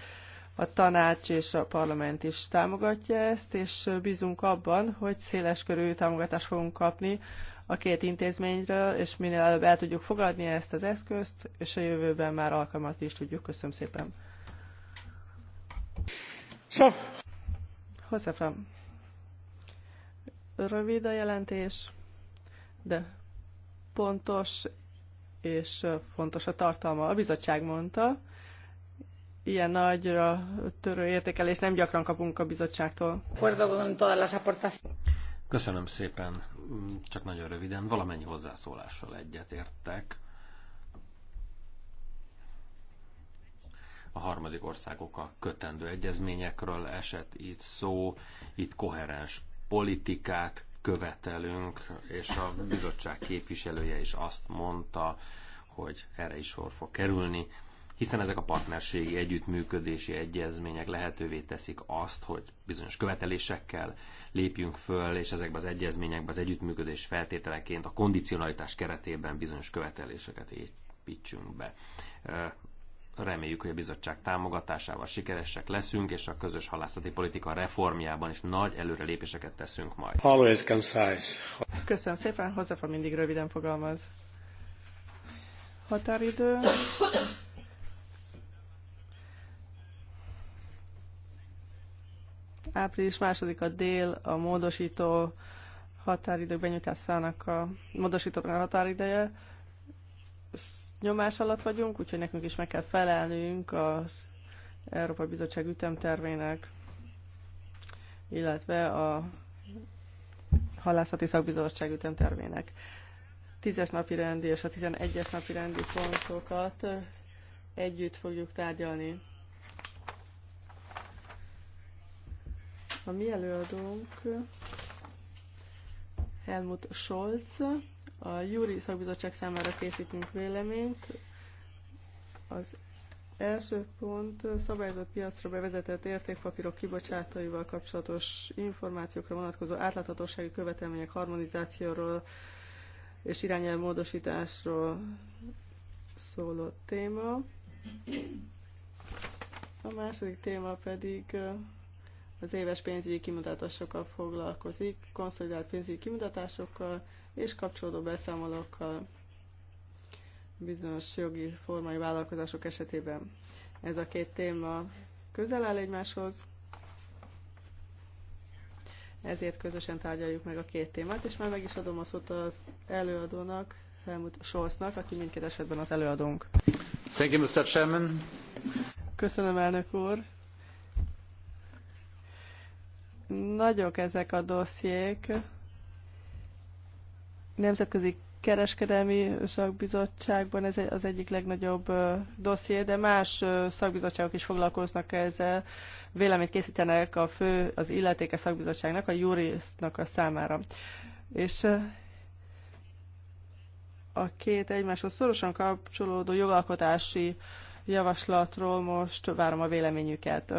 A tanács és a parlament is támogatja ezt, és bízunk abban, hogy körű támogatást fogunk kapni a két intézményről, és minél előbb el tudjuk fogadni ezt az eszközt, és a jövőben már alkalmazni is tudjuk. Köszönöm szépen. So. Hozzafram. Rövid a jelentés, de pontos és fontos a tartalma. A bizottság mondta, ilyen nagyra törő értékelést nem gyakran kapunk a bizottságtól. Köszönöm szépen, mm, csak nagyon röviden, valamennyi hozzászólással egyet értek. a harmadik országokkal kötendő egyezményekről esett itt szó, itt koherens politikát követelünk, és a bizottság képviselője is azt mondta, hogy erre is sor fog kerülni hiszen ezek a partnerségi együttműködési egyezmények lehetővé teszik azt, hogy bizonyos követelésekkel lépjünk föl, és ezekbe az egyezményekbe az együttműködés feltételeként a kondicionalitás keretében bizonyos követeléseket építsünk be. Reméljük, hogy a bizottság támogatásával sikeresek leszünk, és a közös halászati politika reformjában is nagy előrelépéseket teszünk majd. Always concise. Köszönöm szépen, Hozefa mindig röviden fogalmaz. Határidő Április második a dél a módosító határidők benyújtásának a módosítóknak a határideje. Nyomás alatt vagyunk, úgyhogy nekünk is meg kell felelnünk az Európai Bizottság ütemtervének, illetve a Halászati Szakbizottság ütemtervének. Tízes napi rendi és a tizenegyes napi rendi pontokat együtt fogjuk tárgyalni. A mi előadónk Helmut Scholz, a Júri Szakbizottság számára készítünk véleményt. Az első pont szabályozott piacra bevezetett értékpapírok kibocsátóival kapcsolatos információkra vonatkozó átláthatósági követelmények harmonizációról és irányelv módosításról szóló téma. A második téma pedig az éves pénzügyi kimutatásokkal foglalkozik, konszolidált pénzügyi kimutatásokkal és kapcsolódó beszámolókkal bizonyos jogi formai vállalkozások esetében. Ez a két téma közel áll egymáshoz, ezért közösen tárgyaljuk meg a két témát, és már meg is adom a szót az előadónak, Helmut Scholznak, aki mindkét esetben az előadónk. Thank you, Mr. Chairman. Köszönöm, elnök úr nagyok ezek a dossziék. Nemzetközi kereskedelmi szakbizottságban ez az egyik legnagyobb dosszié, de más szakbizottságok is foglalkoznak ezzel. Véleményt készítenek a fő, az illetékes szakbizottságnak, a juristnak a számára. És a két egymáshoz szorosan kapcsolódó jogalkotási javaslatról most várom a véleményüket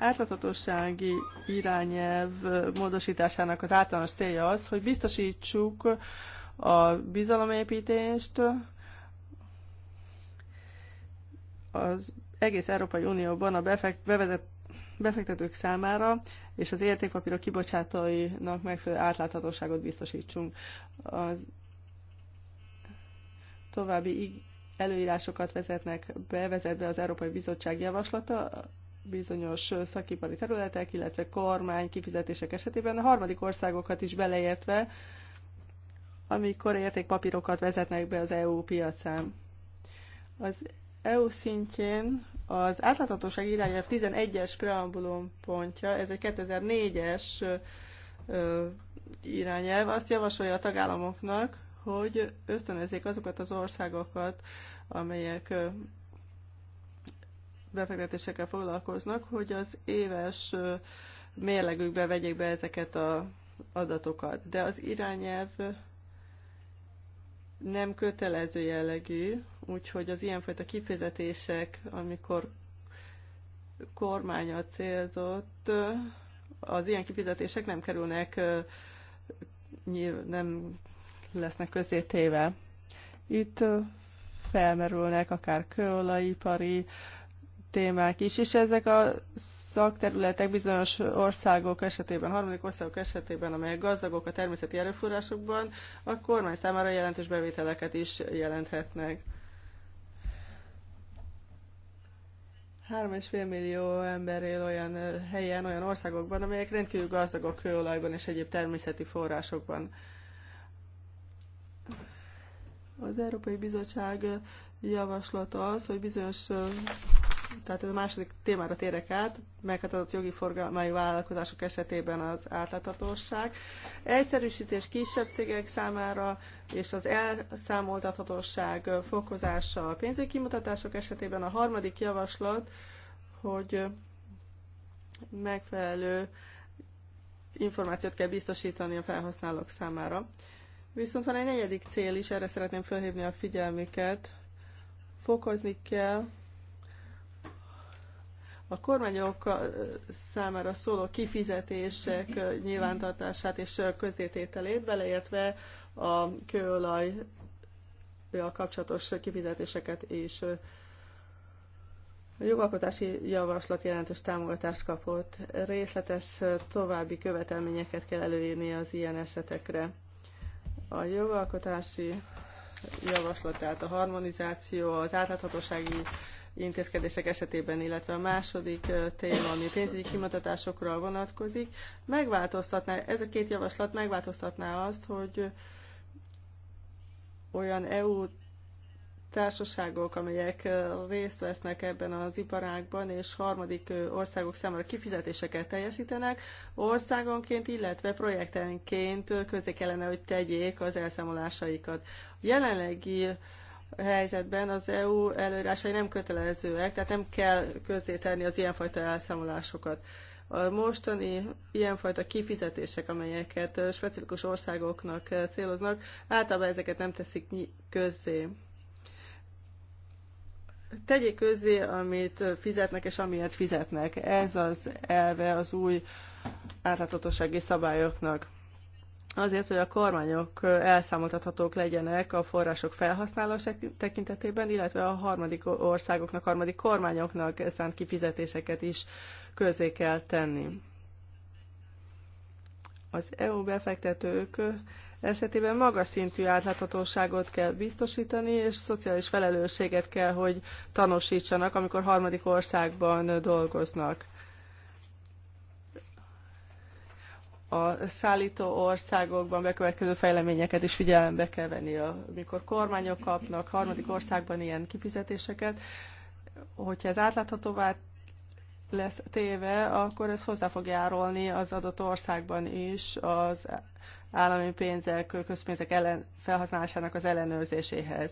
átláthatósági irányelv módosításának az általános célja az, hogy biztosítsuk a bizalomépítést az egész Európai Unióban a befekt, befektetők számára és az értékpapírok kibocsátóinak megfelelő átláthatóságot biztosítsunk. Az további előírásokat vezetnek, bevezet be az Európai Bizottság javaslata, bizonyos szakipari területek, illetve kormány kifizetések esetében a harmadik országokat is beleértve, amikor értékpapírokat vezetnek be az EU piacán. Az EU szintjén az átláthatóság irányelv 11-es preambulum pontja, ez egy 2004-es irányelv, azt javasolja a tagállamoknak, hogy ösztönözzék azokat az országokat, amelyek befektetésekkel foglalkoznak, hogy az éves mérlegükbe vegyék be ezeket az adatokat. De az irányelv nem kötelező jellegű, úgyhogy az ilyenfajta kifizetések, amikor kormánya célzott, az ilyen kifizetések nem kerülnek, nem lesznek közétéve. Itt felmerülnek akár kőolajipari témák is, és ezek a szakterületek bizonyos országok esetében, harmadik országok esetében, amelyek gazdagok a természeti erőforrásokban, a kormány számára jelentős bevételeket is jelenthetnek. 3,5 millió ember él olyan helyen, olyan országokban, amelyek rendkívül gazdagok kőolajban és egyéb természeti forrásokban. Az Európai Bizottság javaslata az, hogy bizonyos tehát ez a második témára térek át, meghatározott jogi forgalmai vállalkozások esetében az átláthatóság. Egyszerűsítés kisebb cégek számára, és az elszámoltathatóság fokozása a pénzügyi kimutatások esetében a harmadik javaslat, hogy megfelelő információt kell biztosítani a felhasználók számára. Viszont van egy negyedik cél is, erre szeretném felhívni a figyelmüket. Fokozni kell a kormányok számára szóló kifizetések nyilvántartását és közzétételét, beleértve a kőolaj a kapcsolatos kifizetéseket és a jogalkotási javaslat jelentős támogatást kapott. Részletes további követelményeket kell előírni az ilyen esetekre. A jogalkotási javaslat, tehát a harmonizáció, az átláthatósági intézkedések esetében, illetve a második téma, ami pénzügyi kimutatásokra vonatkozik, megváltoztatná, ez a két javaslat megváltoztatná azt, hogy olyan EU társaságok, amelyek részt vesznek ebben az iparágban, és harmadik országok számára kifizetéseket teljesítenek, országonként, illetve projektenként közé kellene, hogy tegyék az elszámolásaikat. jelenlegi helyzetben az EU előírásai nem kötelezőek, tehát nem kell közzétenni az ilyenfajta elszámolásokat. A mostani ilyenfajta kifizetések, amelyeket specifikus országoknak céloznak, általában ezeket nem teszik közzé. Tegyék közzé, amit fizetnek és amiért fizetnek. Ez az elve az új átláthatósági szabályoknak azért, hogy a kormányok elszámoltathatók legyenek a források felhasználása tekintetében, illetve a harmadik országoknak, harmadik kormányoknak szánt kifizetéseket is közé kell tenni. Az EU befektetők esetében magas szintű átláthatóságot kell biztosítani, és szociális felelősséget kell, hogy tanúsítsanak, amikor harmadik országban dolgoznak a szállító országokban bekövetkező fejleményeket is figyelembe kell venni, amikor kormányok kapnak harmadik országban ilyen kifizetéseket. Hogyha ez átláthatóvá lesz téve, akkor ez hozzá fog járulni az adott országban is az állami pénzek, közpénzek ellen, felhasználásának az ellenőrzéséhez.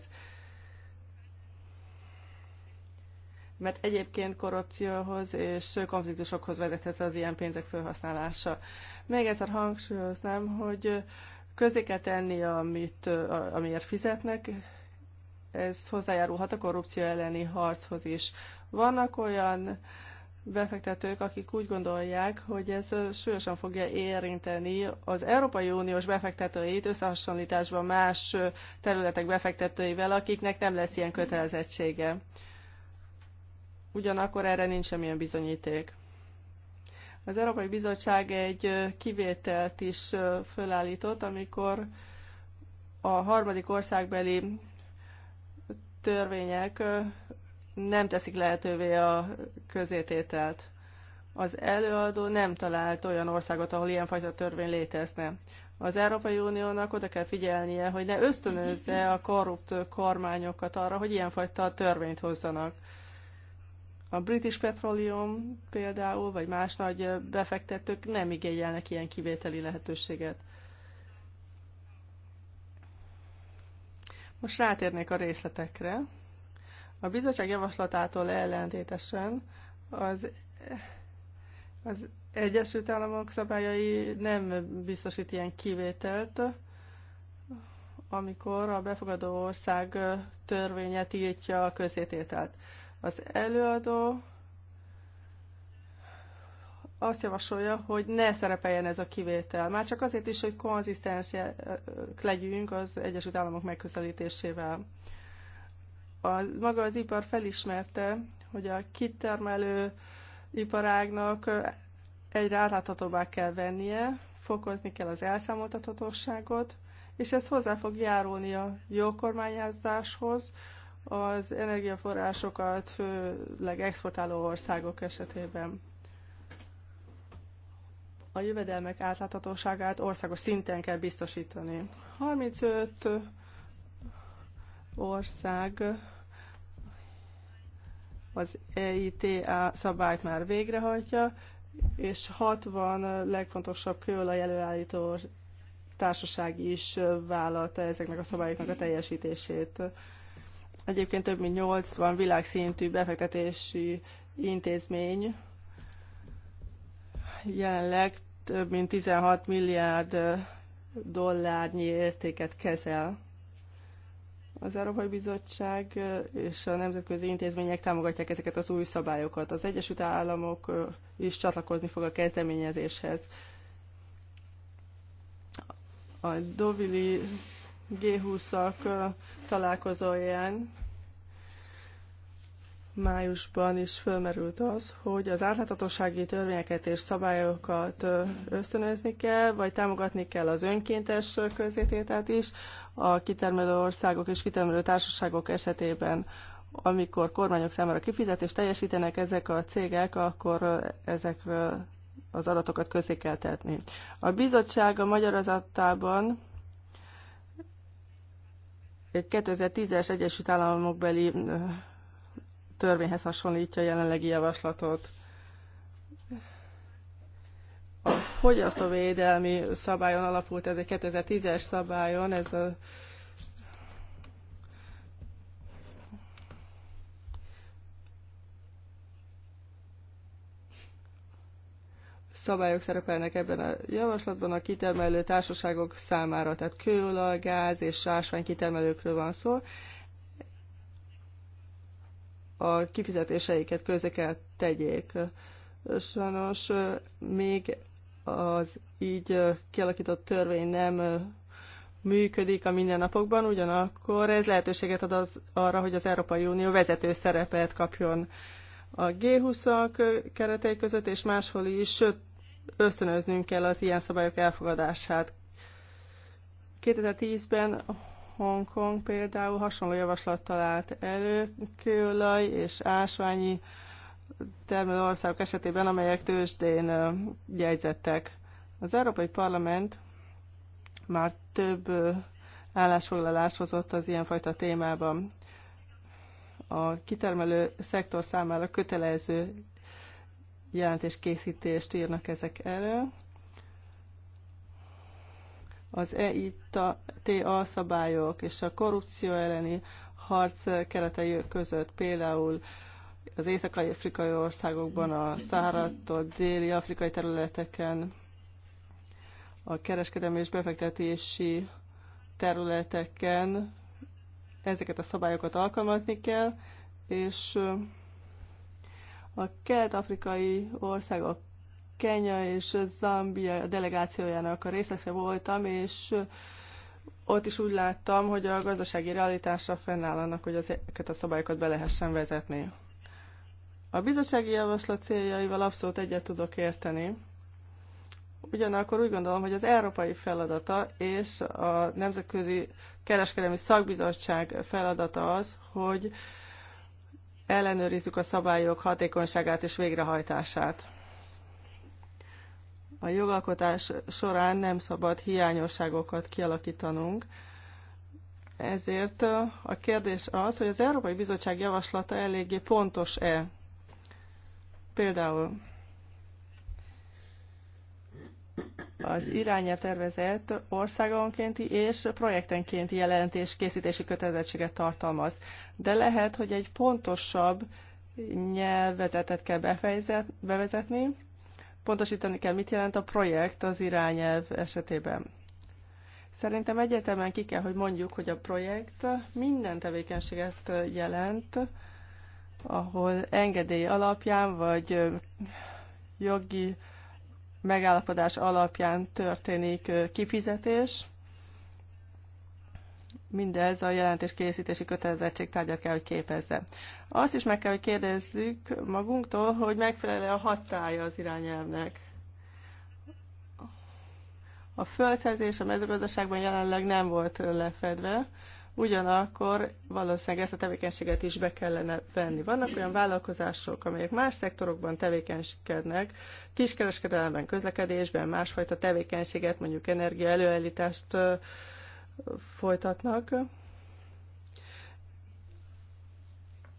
mert egyébként korrupcióhoz és konfliktusokhoz vezethet az ilyen pénzek felhasználása. Még egyszer hangsúlyoznám, hogy közé kell tenni, amit, amiért fizetnek, ez hozzájárulhat a korrupció elleni harchoz is. Vannak olyan befektetők, akik úgy gondolják, hogy ez súlyosan fogja érinteni az Európai Uniós befektetőit összehasonlításban más területek befektetőivel, akiknek nem lesz ilyen kötelezettsége ugyanakkor erre nincs semmilyen bizonyíték. Az Európai Bizottság egy kivételt is fölállított, amikor a harmadik országbeli törvények nem teszik lehetővé a közétételt. Az előadó nem talált olyan országot, ahol ilyenfajta törvény létezne. Az Európai Uniónak oda kell figyelnie, hogy ne ösztönözze a korrupt kormányokat arra, hogy ilyenfajta törvényt hozzanak. A British Petroleum például, vagy más nagy befektetők nem igényelnek ilyen kivételi lehetőséget. Most rátérnék a részletekre. A bizottság javaslatától ellentétesen az, az Egyesült Államok szabályai nem biztosít ilyen kivételt, amikor a befogadó ország törvénye tiltja a közétételt. Az előadó azt javasolja, hogy ne szerepeljen ez a kivétel. Már csak azért is, hogy konzisztens legyünk az Egyesült Államok megközelítésével. A, maga az ipar felismerte, hogy a kitermelő iparágnak egyre átláthatóbbá kell vennie, fokozni kell az elszámoltathatóságot, és ez hozzá fog járulni a jó az energiaforrásokat főleg exportáló országok esetében. A jövedelmek átláthatóságát országos szinten kell biztosítani. 35 ország az EITA szabályt már végrehajtja, és 60 legfontosabb kőolaj előállító társaság is vállalta ezeknek a szabályoknak a teljesítését. Egyébként több mint 80 világszintű befektetési intézmény jelenleg több mint 16 milliárd dollárnyi értéket kezel. Az Európai Bizottság és a nemzetközi intézmények támogatják ezeket az új szabályokat. Az Egyesült Államok is csatlakozni fog a kezdeményezéshez. A Dovili G20-ak találkozóján májusban is fölmerült az, hogy az átláthatósági törvényeket és szabályokat ösztönözni kell, vagy támogatni kell az önkéntes közétételt is a kitermelő országok és kitermelő társaságok esetében amikor kormányok számára kifizetést teljesítenek ezek a cégek, akkor ezekről az adatokat közé kell tetni. A bizottság a magyarázatában egy 2010-es Egyesült Államokbeli törvényhez hasonlítja a jelenlegi javaslatot. A fogyasztóvédelmi szabályon alapult, ez egy 2010-es szabályon, ez a szabályok szerepelnek ebben a javaslatban a kitermelő társaságok számára, tehát kőolaj, gáz és sásvány kitermelőkről van szó. A kifizetéseiket közé kell tegyék. Sajnos még az így kialakított törvény nem működik a mindennapokban, ugyanakkor ez lehetőséget ad az, arra, hogy az Európai Unió vezető szerepet kapjon a G20-ak keretei között, és máshol is ösztönöznünk kell az ilyen szabályok elfogadását. 2010-ben Hongkong például hasonló javaslattal állt elő kőolaj és ásványi termelő országok esetében, amelyek tőzsdén jegyzettek. Az Európai Parlament már több állásfoglalást hozott az ilyenfajta témában. A kitermelő szektor számára kötelező jelentéskészítést írnak ezek elő. Az EITA szabályok és a korrupció elleni harc keretei között például az észak-afrikai országokban, a szárattól déli afrikai területeken, a kereskedelmi és befektetési területeken ezeket a szabályokat alkalmazni kell, és a kelet-afrikai országok Kenya és Zambia delegációjának a részese voltam, és ott is úgy láttam, hogy a gazdasági realitásra fennáll annak, hogy ezeket a szabályokat be lehessen vezetni. A bizottsági javaslat céljaival abszolút egyet tudok érteni. Ugyanakkor úgy gondolom, hogy az európai feladata és a Nemzetközi Kereskedelmi Szakbizottság feladata az, hogy ellenőrizzük a szabályok hatékonyságát és végrehajtását. A jogalkotás során nem szabad hiányosságokat kialakítanunk, ezért a kérdés az, hogy az Európai Bizottság javaslata eléggé pontos-e. Például az irányelv tervezet országonkénti és projektenkénti jelentés készítési kötelezettséget tartalmaz. De lehet, hogy egy pontosabb nyelvezetet kell befejezet, bevezetni, pontosítani kell, mit jelent a projekt az irányelv esetében. Szerintem egyértelműen ki kell, hogy mondjuk, hogy a projekt minden tevékenységet jelent, ahol engedély alapján vagy jogi megállapodás alapján történik kifizetés. Mindez a jelentés készítési kötelezettség tárgyát kell, hogy képezze. Azt is meg kell, hogy kérdezzük magunktól, hogy megfelel-e a hatája az irányelvnek. A földszerzés a mezőgazdaságban jelenleg nem volt lefedve, ugyanakkor valószínűleg ezt a tevékenységet is be kellene venni. Vannak olyan vállalkozások, amelyek más szektorokban tevékenykednek, kiskereskedelemben, közlekedésben, másfajta tevékenységet, mondjuk energia előállítást folytatnak.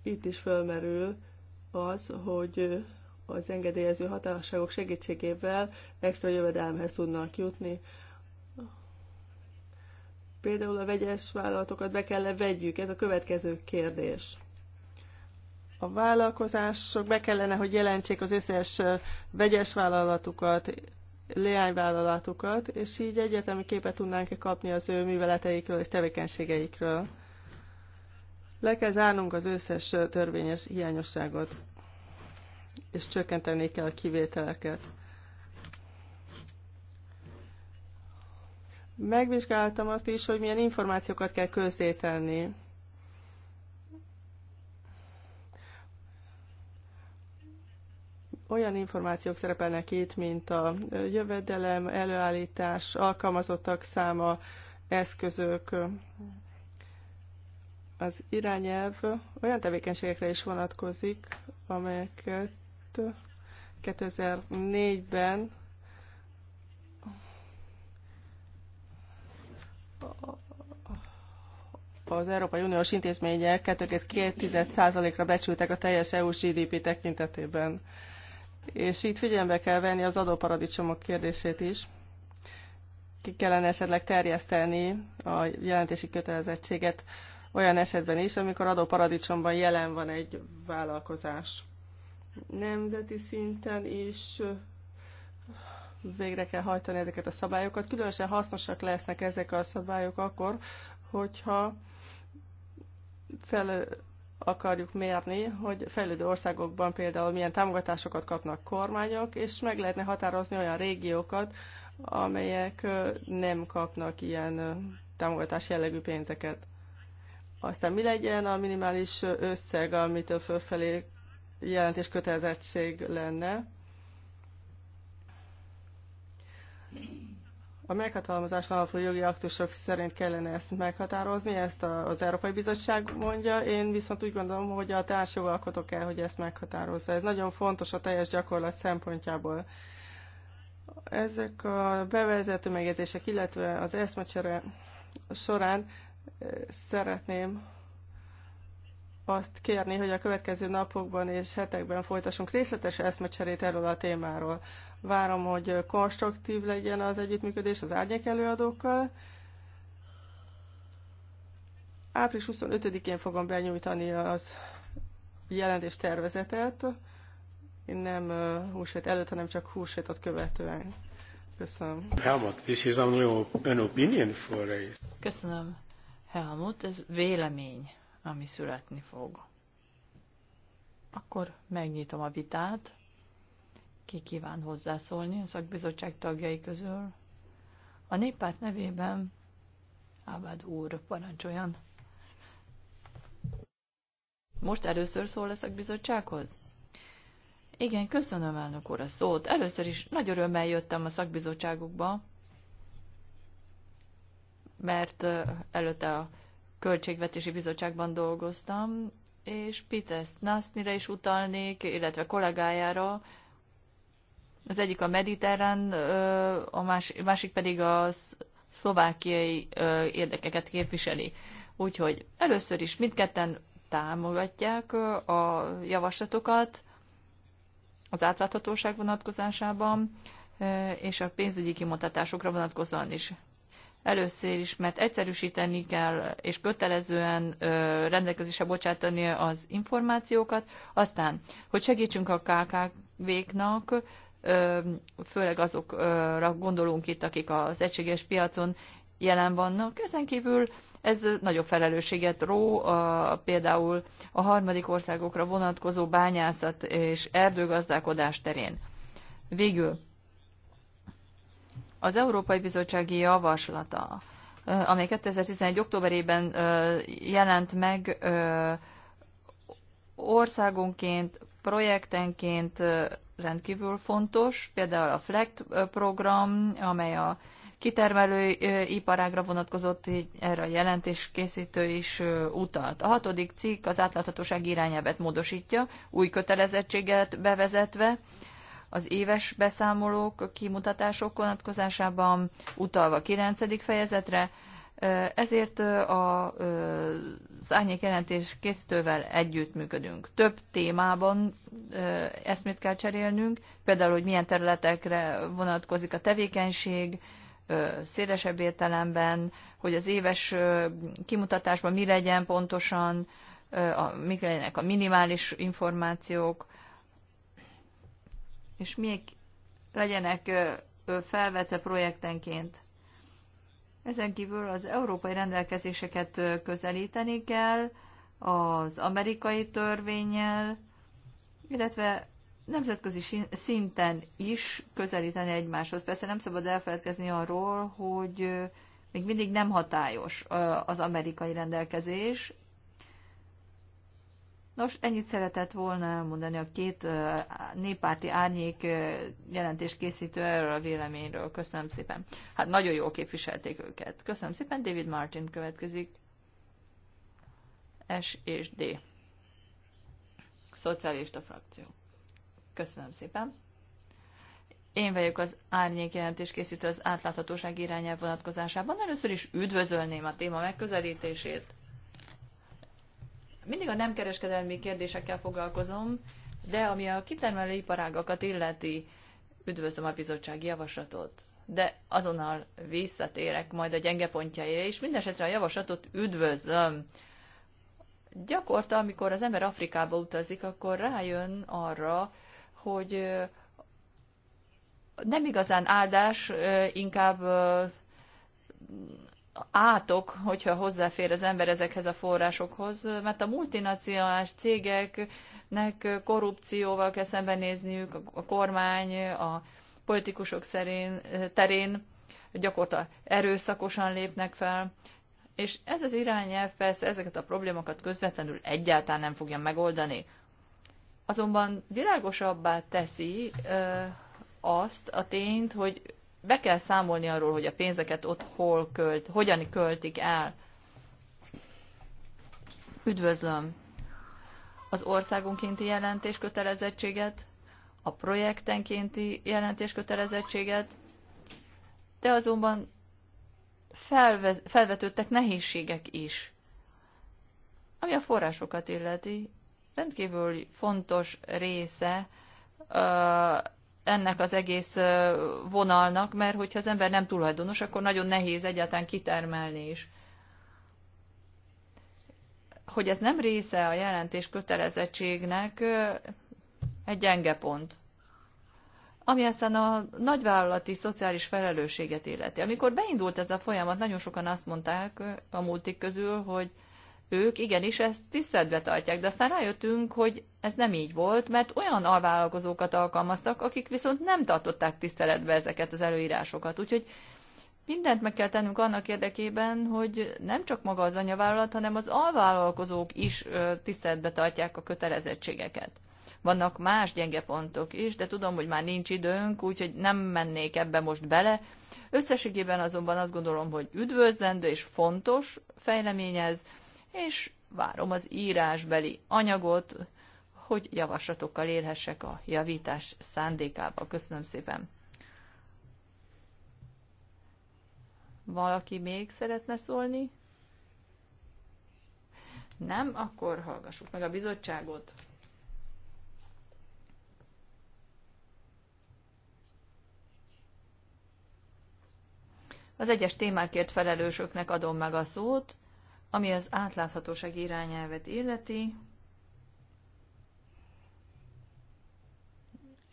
Itt is fölmerül az, hogy az engedélyező hatalmasságok segítségével extra jövedelemhez tudnak jutni. Például a vegyes vállalatokat be kell -e vegyük? Ez a következő kérdés. A vállalkozások be kellene, hogy jelentsék az összes vegyes vállalatukat, leányvállalatukat, és így egyértelmű képet tudnánk -e kapni az ő műveleteikről és tevékenységeikről. Le kell zárnunk az összes törvényes hiányosságot, és csökkenteni kell a kivételeket. Megvizsgáltam azt is, hogy milyen információkat kell közzétenni. Olyan információk szerepelnek itt, mint a jövedelem, előállítás, alkalmazottak száma, eszközök. Az irányelv olyan tevékenységekre is vonatkozik, amelyeket 2004-ben az Európai Uniós intézmények 2,2%-ra becsültek a teljes EU GDP tekintetében. És itt figyelembe kell venni az adóparadicsomok kérdését is. Ki kellene esetleg terjeszteni a jelentési kötelezettséget olyan esetben is, amikor adóparadicsomban jelen van egy vállalkozás. Nemzeti szinten is végre kell hajtani ezeket a szabályokat. Különösen hasznosak lesznek ezek a szabályok akkor, hogyha fel akarjuk mérni, hogy fejlődő országokban például milyen támogatásokat kapnak kormányok, és meg lehetne határozni olyan régiókat, amelyek nem kapnak ilyen támogatás jellegű pénzeket. Aztán mi legyen a minimális összeg, amitől fölfelé jelentés kötelezettség lenne, A meghatalmazáson alapú jogi aktusok szerint kellene ezt meghatározni, ezt az Európai Bizottság mondja, én viszont úgy gondolom, hogy a társjogalkotó kell, hogy ezt meghatározza. Ez nagyon fontos a teljes gyakorlat szempontjából. Ezek a bevezető megjegyzések, illetve az eszmecsere során eh, szeretném azt kérni, hogy a következő napokban és hetekben folytassunk részletes eszmecserét erről a témáról várom, hogy konstruktív legyen az együttműködés az árnyék előadókkal. Április 25-én fogom benyújtani az jelentés tervezetet. Én nem húsvét előtt, hanem csak húsvétot követően. Köszönöm. Helmut, this is only an opinion for a... Köszönöm, Helmut. Ez vélemény, ami születni fog. Akkor megnyitom a vitát ki kíván hozzászólni a szakbizottság tagjai közül. A néppárt nevében Ábád úr parancsoljon. Most először szól a szakbizottsághoz? Igen, köszönöm elnök úr a szót. Először is nagy örömmel jöttem a szakbizottságukba, mert előtte a Költségvetési Bizottságban dolgoztam, és Pites Nasznire is utalnék, illetve kollégájára, az egyik a mediterrán, a másik pedig a szlovákiai érdekeket képviseli. Úgyhogy először is mindketten támogatják a javaslatokat az átláthatóság vonatkozásában, és a pénzügyi kimutatásokra vonatkozóan is. Először is, mert egyszerűsíteni kell, és kötelezően rendelkezésre bocsátani az információkat, aztán, hogy segítsünk a KKV-knak, főleg azokra gondolunk itt, akik az egységes piacon jelen vannak. Ezen kívül ez nagyobb felelősséget ró a, például a harmadik országokra vonatkozó bányászat és erdőgazdálkodás terén. Végül az Európai Bizottsági Javaslata, amely 2011. októberében jelent meg országonként, projektenként rendkívül fontos, például a FLECT program, amely a kitermelő iparágra vonatkozott, erre a jelentés készítő is utalt. A hatodik cikk az átláthatóság irányelvet módosítja, új kötelezettséget bevezetve, az éves beszámolók, kimutatások vonatkozásában utalva a 9. fejezetre, ezért a, az árnyék jelentés készítővel együttműködünk. Több témában eszmét kell cserélnünk, például, hogy milyen területekre vonatkozik a tevékenység, szélesebb értelemben, hogy az éves kimutatásban mi legyen pontosan, a, mik legyenek a minimális információk, és még legyenek felvetve projektenként ezen kívül az európai rendelkezéseket közelíteni kell az amerikai törvényel, illetve nemzetközi szinten is közelíteni egymáshoz. Persze nem szabad elfeledkezni arról, hogy még mindig nem hatályos az amerikai rendelkezés, Nos, ennyit szeretett volna elmondani a két néppárti árnyék jelentés készítő erről a véleményről. Köszönöm szépen. Hát nagyon jól képviselték őket. Köszönöm szépen. David Martin következik. S és D. Szocialista frakció. Köszönöm szépen. Én vagyok az árnyék jelentés készítő az átláthatóság irányelv vonatkozásában. Először is üdvözölném a téma megközelítését mindig a nem kereskedelmi kérdésekkel foglalkozom, de ami a kitermelő iparágakat illeti, üdvözlöm a bizottsági javaslatot. De azonnal visszatérek majd a gyenge pontjaira, és mindesetre a javaslatot üdvözlöm. Gyakorta, amikor az ember Afrikába utazik, akkor rájön arra, hogy nem igazán áldás, inkább átok, hogyha hozzáfér az ember ezekhez a forrásokhoz, mert a multinacionális cégeknek korrupcióval kell szembenézniük, a kormány, a politikusok szerén, terén gyakorta erőszakosan lépnek fel, és ez az irányelv persze ezeket a problémákat közvetlenül egyáltalán nem fogja megoldani. Azonban világosabbá teszi ö, azt a tényt, hogy be kell számolni arról, hogy a pénzeket ott hol költ, hogyan költik el. Üdvözlöm az országonkénti jelentéskötelezettséget, a projektenkénti jelentéskötelezettséget, de azonban felve, felvetődtek nehézségek is. Ami a forrásokat illeti, rendkívül fontos része ennek az egész vonalnak, mert hogyha az ember nem tulajdonos, akkor nagyon nehéz egyáltalán kitermelni is. Hogy ez nem része a jelentés kötelezettségnek, egy gyenge pont. Ami aztán a nagyvállalati szociális felelősséget illeti. Amikor beindult ez a folyamat, nagyon sokan azt mondták a múltik közül, hogy ők igenis ezt tiszteletbe tartják, de aztán rájöttünk, hogy ez nem így volt, mert olyan alvállalkozókat alkalmaztak, akik viszont nem tartották tiszteletbe ezeket az előírásokat. Úgyhogy mindent meg kell tennünk annak érdekében, hogy nem csak maga az anyavállalat, hanem az alvállalkozók is tiszteletbe tartják a kötelezettségeket. Vannak más gyenge pontok is, de tudom, hogy már nincs időnk, úgyhogy nem mennék ebbe most bele. Összességében azonban azt gondolom, hogy üdvözlendő és fontos fejlemény ez, és várom az írásbeli anyagot, hogy javaslatokkal élhessek a javítás szándékába. Köszönöm szépen! Valaki még szeretne szólni? Nem? Akkor hallgassuk meg a bizottságot. Az egyes témákért felelősöknek adom meg a szót, ami az átláthatóság irányelvet illeti,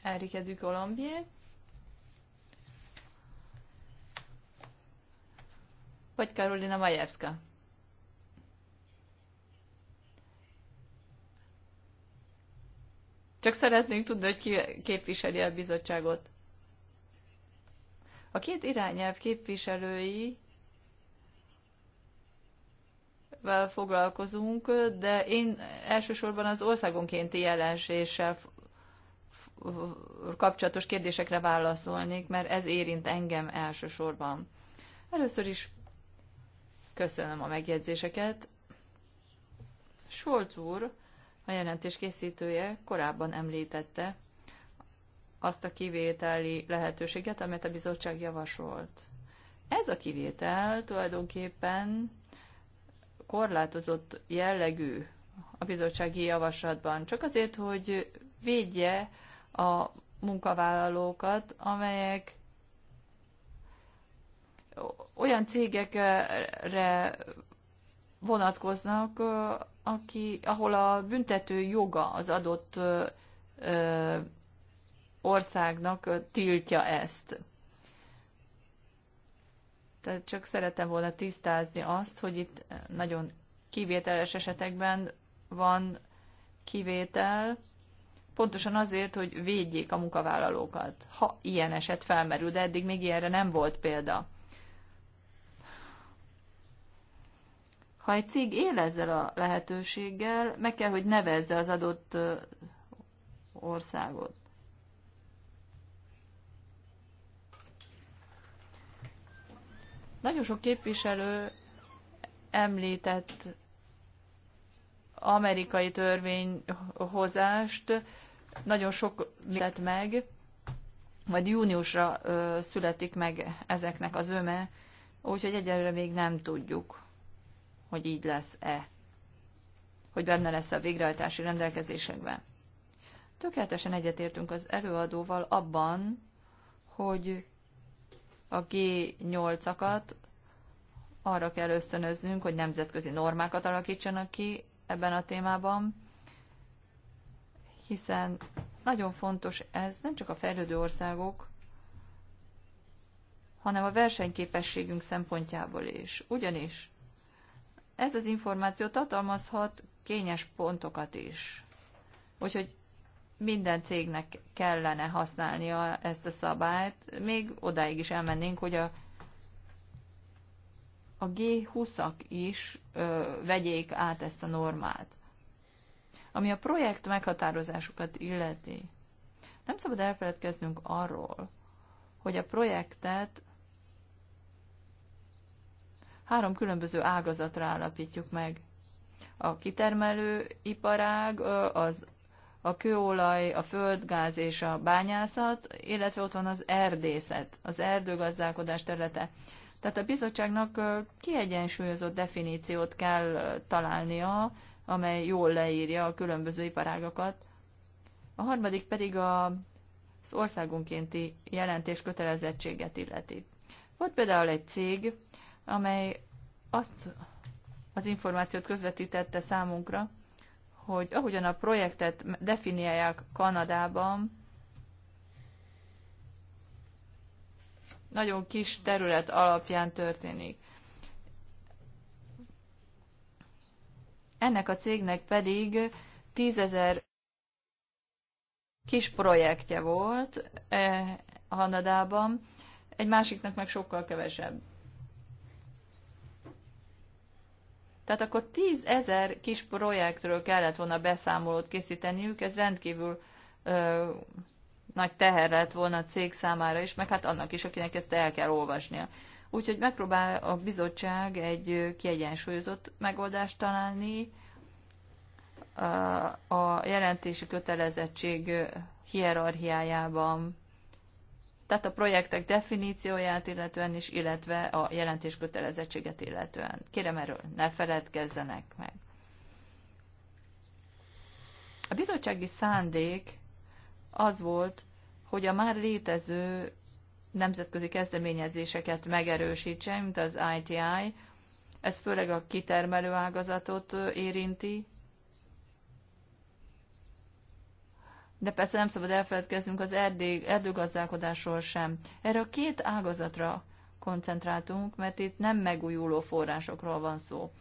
Erike du Colombier, vagy Karolina Majewska. Csak szeretnénk tudni, hogy ki képviseli a bizottságot. A két irányelv képviselői jelenségekvel foglalkozunk, de én elsősorban az országonkénti jelenséssel kapcsolatos kérdésekre válaszolnék, mert ez érint engem elsősorban. Először is köszönöm a megjegyzéseket. Solc úr, a jelentés készítője korábban említette azt a kivételi lehetőséget, amit a bizottság javasolt. Ez a kivétel tulajdonképpen korlátozott jellegű a bizottsági javaslatban, csak azért, hogy védje a munkavállalókat, amelyek olyan cégekre vonatkoznak, aki, ahol a büntető joga az adott országnak tiltja ezt. Tehát csak szeretem volna tisztázni azt, hogy itt nagyon kivételes esetekben van kivétel, pontosan azért, hogy védjék a munkavállalókat, ha ilyen eset felmerül, de eddig még ilyenre nem volt példa. Ha egy cég él ezzel a lehetőséggel, meg kell, hogy nevezze az adott országot. Nagyon sok képviselő említett amerikai törvényhozást, nagyon sok lett meg, majd júniusra ö, születik meg ezeknek az öme, úgyhogy egyelőre még nem tudjuk, hogy így lesz-e, hogy benne lesz a végrehajtási rendelkezésekben. Tökéletesen egyetértünk az előadóval abban, hogy a G8-akat arra kell ösztönöznünk, hogy nemzetközi normákat alakítsanak ki ebben a témában, hiszen nagyon fontos ez nem csak a fejlődő országok, hanem a versenyképességünk szempontjából is. Ugyanis ez az információ tartalmazhat kényes pontokat is. Úgyhogy minden cégnek kellene használnia ezt a szabályt, még odáig is elmennénk, hogy a, a G20-ak is ö, vegyék át ezt a normát. Ami a projekt meghatározásukat illeti, nem szabad elfeledkeznünk arról, hogy a projektet három különböző ágazatra állapítjuk meg. A kitermelő iparág, az a kőolaj, a földgáz és a bányászat, illetve ott van az erdészet, az erdőgazdálkodás területe. Tehát a bizottságnak kiegyensúlyozott definíciót kell találnia, amely jól leírja a különböző iparágakat. A harmadik pedig a, az országunkénti jelentés kötelezettséget illeti. Volt például egy cég, amely azt az információt közvetítette számunkra, hogy ahogyan a projektet definiálják Kanadában, nagyon kis terület alapján történik. Ennek a cégnek pedig tízezer kis projektje volt eh, Hanadában, egy másiknak meg sokkal kevesebb. Tehát akkor tízezer ezer kis projektről kellett volna beszámolót készíteniük, ez rendkívül ö, nagy teher lett volna a cég számára is, meg hát annak is, akinek ezt el kell olvasnia. Úgyhogy megpróbál a bizottság egy kiegyensúlyozott megoldást találni a jelentési kötelezettség hierarchiájában tehát a projektek definícióját illetően is, illetve a jelentés kötelezettséget illetően. Kérem erről, ne feledkezzenek meg. A bizottsági szándék az volt, hogy a már létező nemzetközi kezdeményezéseket megerősítse, mint az ITI, ez főleg a kitermelő ágazatot érinti, de persze nem szabad elfeledkeznünk az erdély, erdőgazdálkodásról sem. Erre a két ágazatra koncentráltunk, mert itt nem megújuló forrásokról van szó.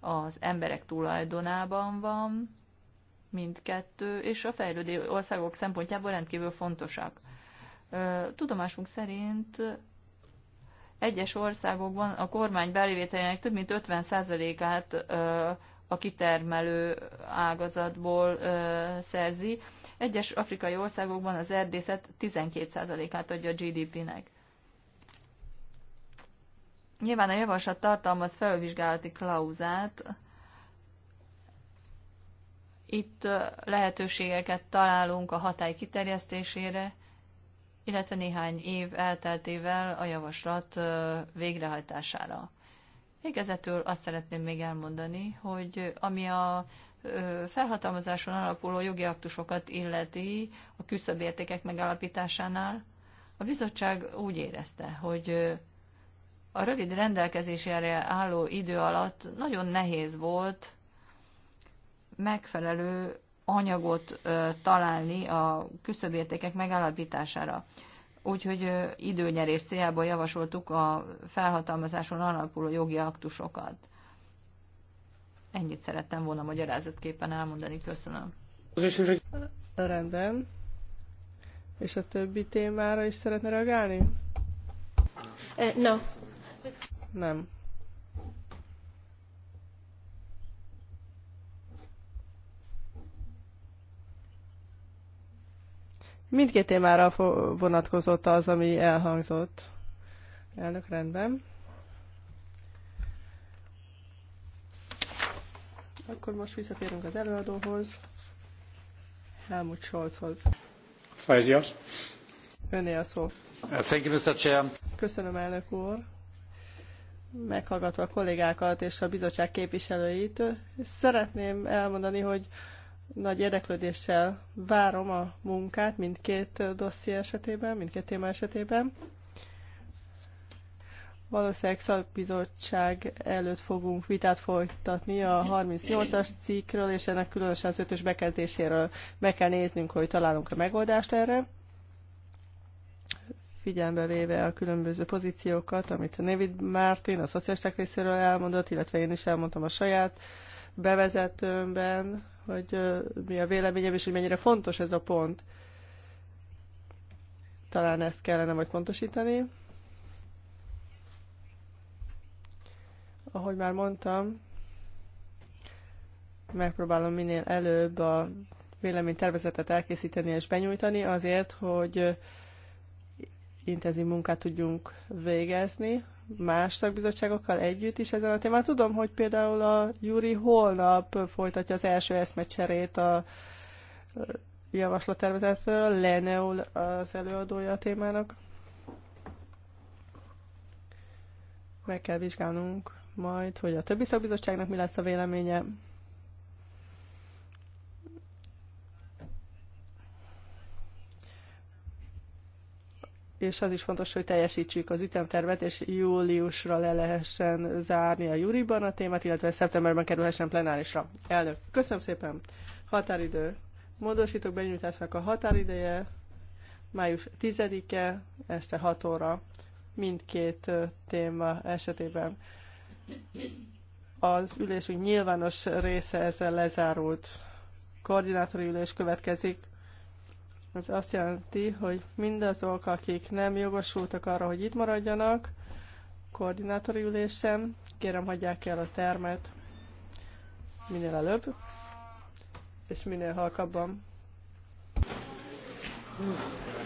Az emberek tulajdonában van mindkettő, és a fejlődő országok szempontjából rendkívül fontosak. Tudomásunk szerint egyes országokban a kormány belévételének több mint 50%-át a kitermelő ágazatból szerzi. Egyes afrikai országokban az erdészet 12%-át adja a GDP-nek. Nyilván a javaslat tartalmaz felvizsgálati klauzát, itt lehetőségeket találunk a hatály kiterjesztésére, illetve néhány év elteltével a javaslat végrehajtására. Végezetül azt szeretném még elmondani, hogy ami a felhatalmazáson alapuló jogi aktusokat illeti a küszöbértékek megalapításánál, a bizottság úgy érezte, hogy a rövid rendelkezésére álló idő alatt nagyon nehéz volt megfelelő anyagot találni a küszöbértékek megalapítására úgyhogy időnyerés céljából javasoltuk a felhatalmazáson alapuló jogi aktusokat. Ennyit szerettem volna magyarázatképpen elmondani. Köszönöm. Rendben. És a többi témára is szeretne reagálni? Uh, no. Nem. Mindkét témára vonatkozott az, ami elhangzott. Elnök, rendben. Akkor most visszatérünk az előadóhoz, Helmut Scholzhoz. Fajzias. Öné a szó. Uh, thank you, Mr. Chair. Köszönöm, elnök úr. Meghallgatva a kollégákat és a bizottság képviselőit, szeretném elmondani, hogy nagy érdeklődéssel várom a munkát mindkét dosszi esetében, mindkét téma esetében. Valószínűleg szakbizottság előtt fogunk vitát folytatni a 38-as cikkről, és ennek különösen az ötös bekezdéséről meg kell néznünk, hogy találunk a megoldást erre figyelembe véve a különböző pozíciókat, amit a David Martin a szociálisták részéről elmondott, illetve én is elmondtam a saját bevezetőmben, hogy mi a véleményem, és hogy mennyire fontos ez a pont. Talán ezt kellene majd pontosítani. Ahogy már mondtam, megpróbálom minél előbb a véleménytervezetet elkészíteni és benyújtani azért, hogy intenzív munkát tudjunk végezni, más szakbizottságokkal együtt is ezen a témán. Tudom, hogy például a Júri holnap folytatja az első eszmecserét a javaslattervezetről, Leneul az előadója a témának. Meg kell vizsgálnunk majd, hogy a többi szakbizottságnak mi lesz a véleménye. és az is fontos, hogy teljesítsük az ütemtervet, és júliusra le lehessen zárni a júriban a témát, illetve szeptemberben kerülhessen plenárisra. Elnök, köszönöm szépen! Határidő. Módosítok benyújtásnak a határideje május 10-e, este 6 óra, mindkét téma esetében. Az ülésünk nyilvános része ezzel lezárult. Koordinátori ülés következik ez azt jelenti, hogy mindazok, akik nem jogosultak arra, hogy itt maradjanak, koordinátori ülésem, kérem hagyják el a termet minél előbb, és minél halkabban. Uf.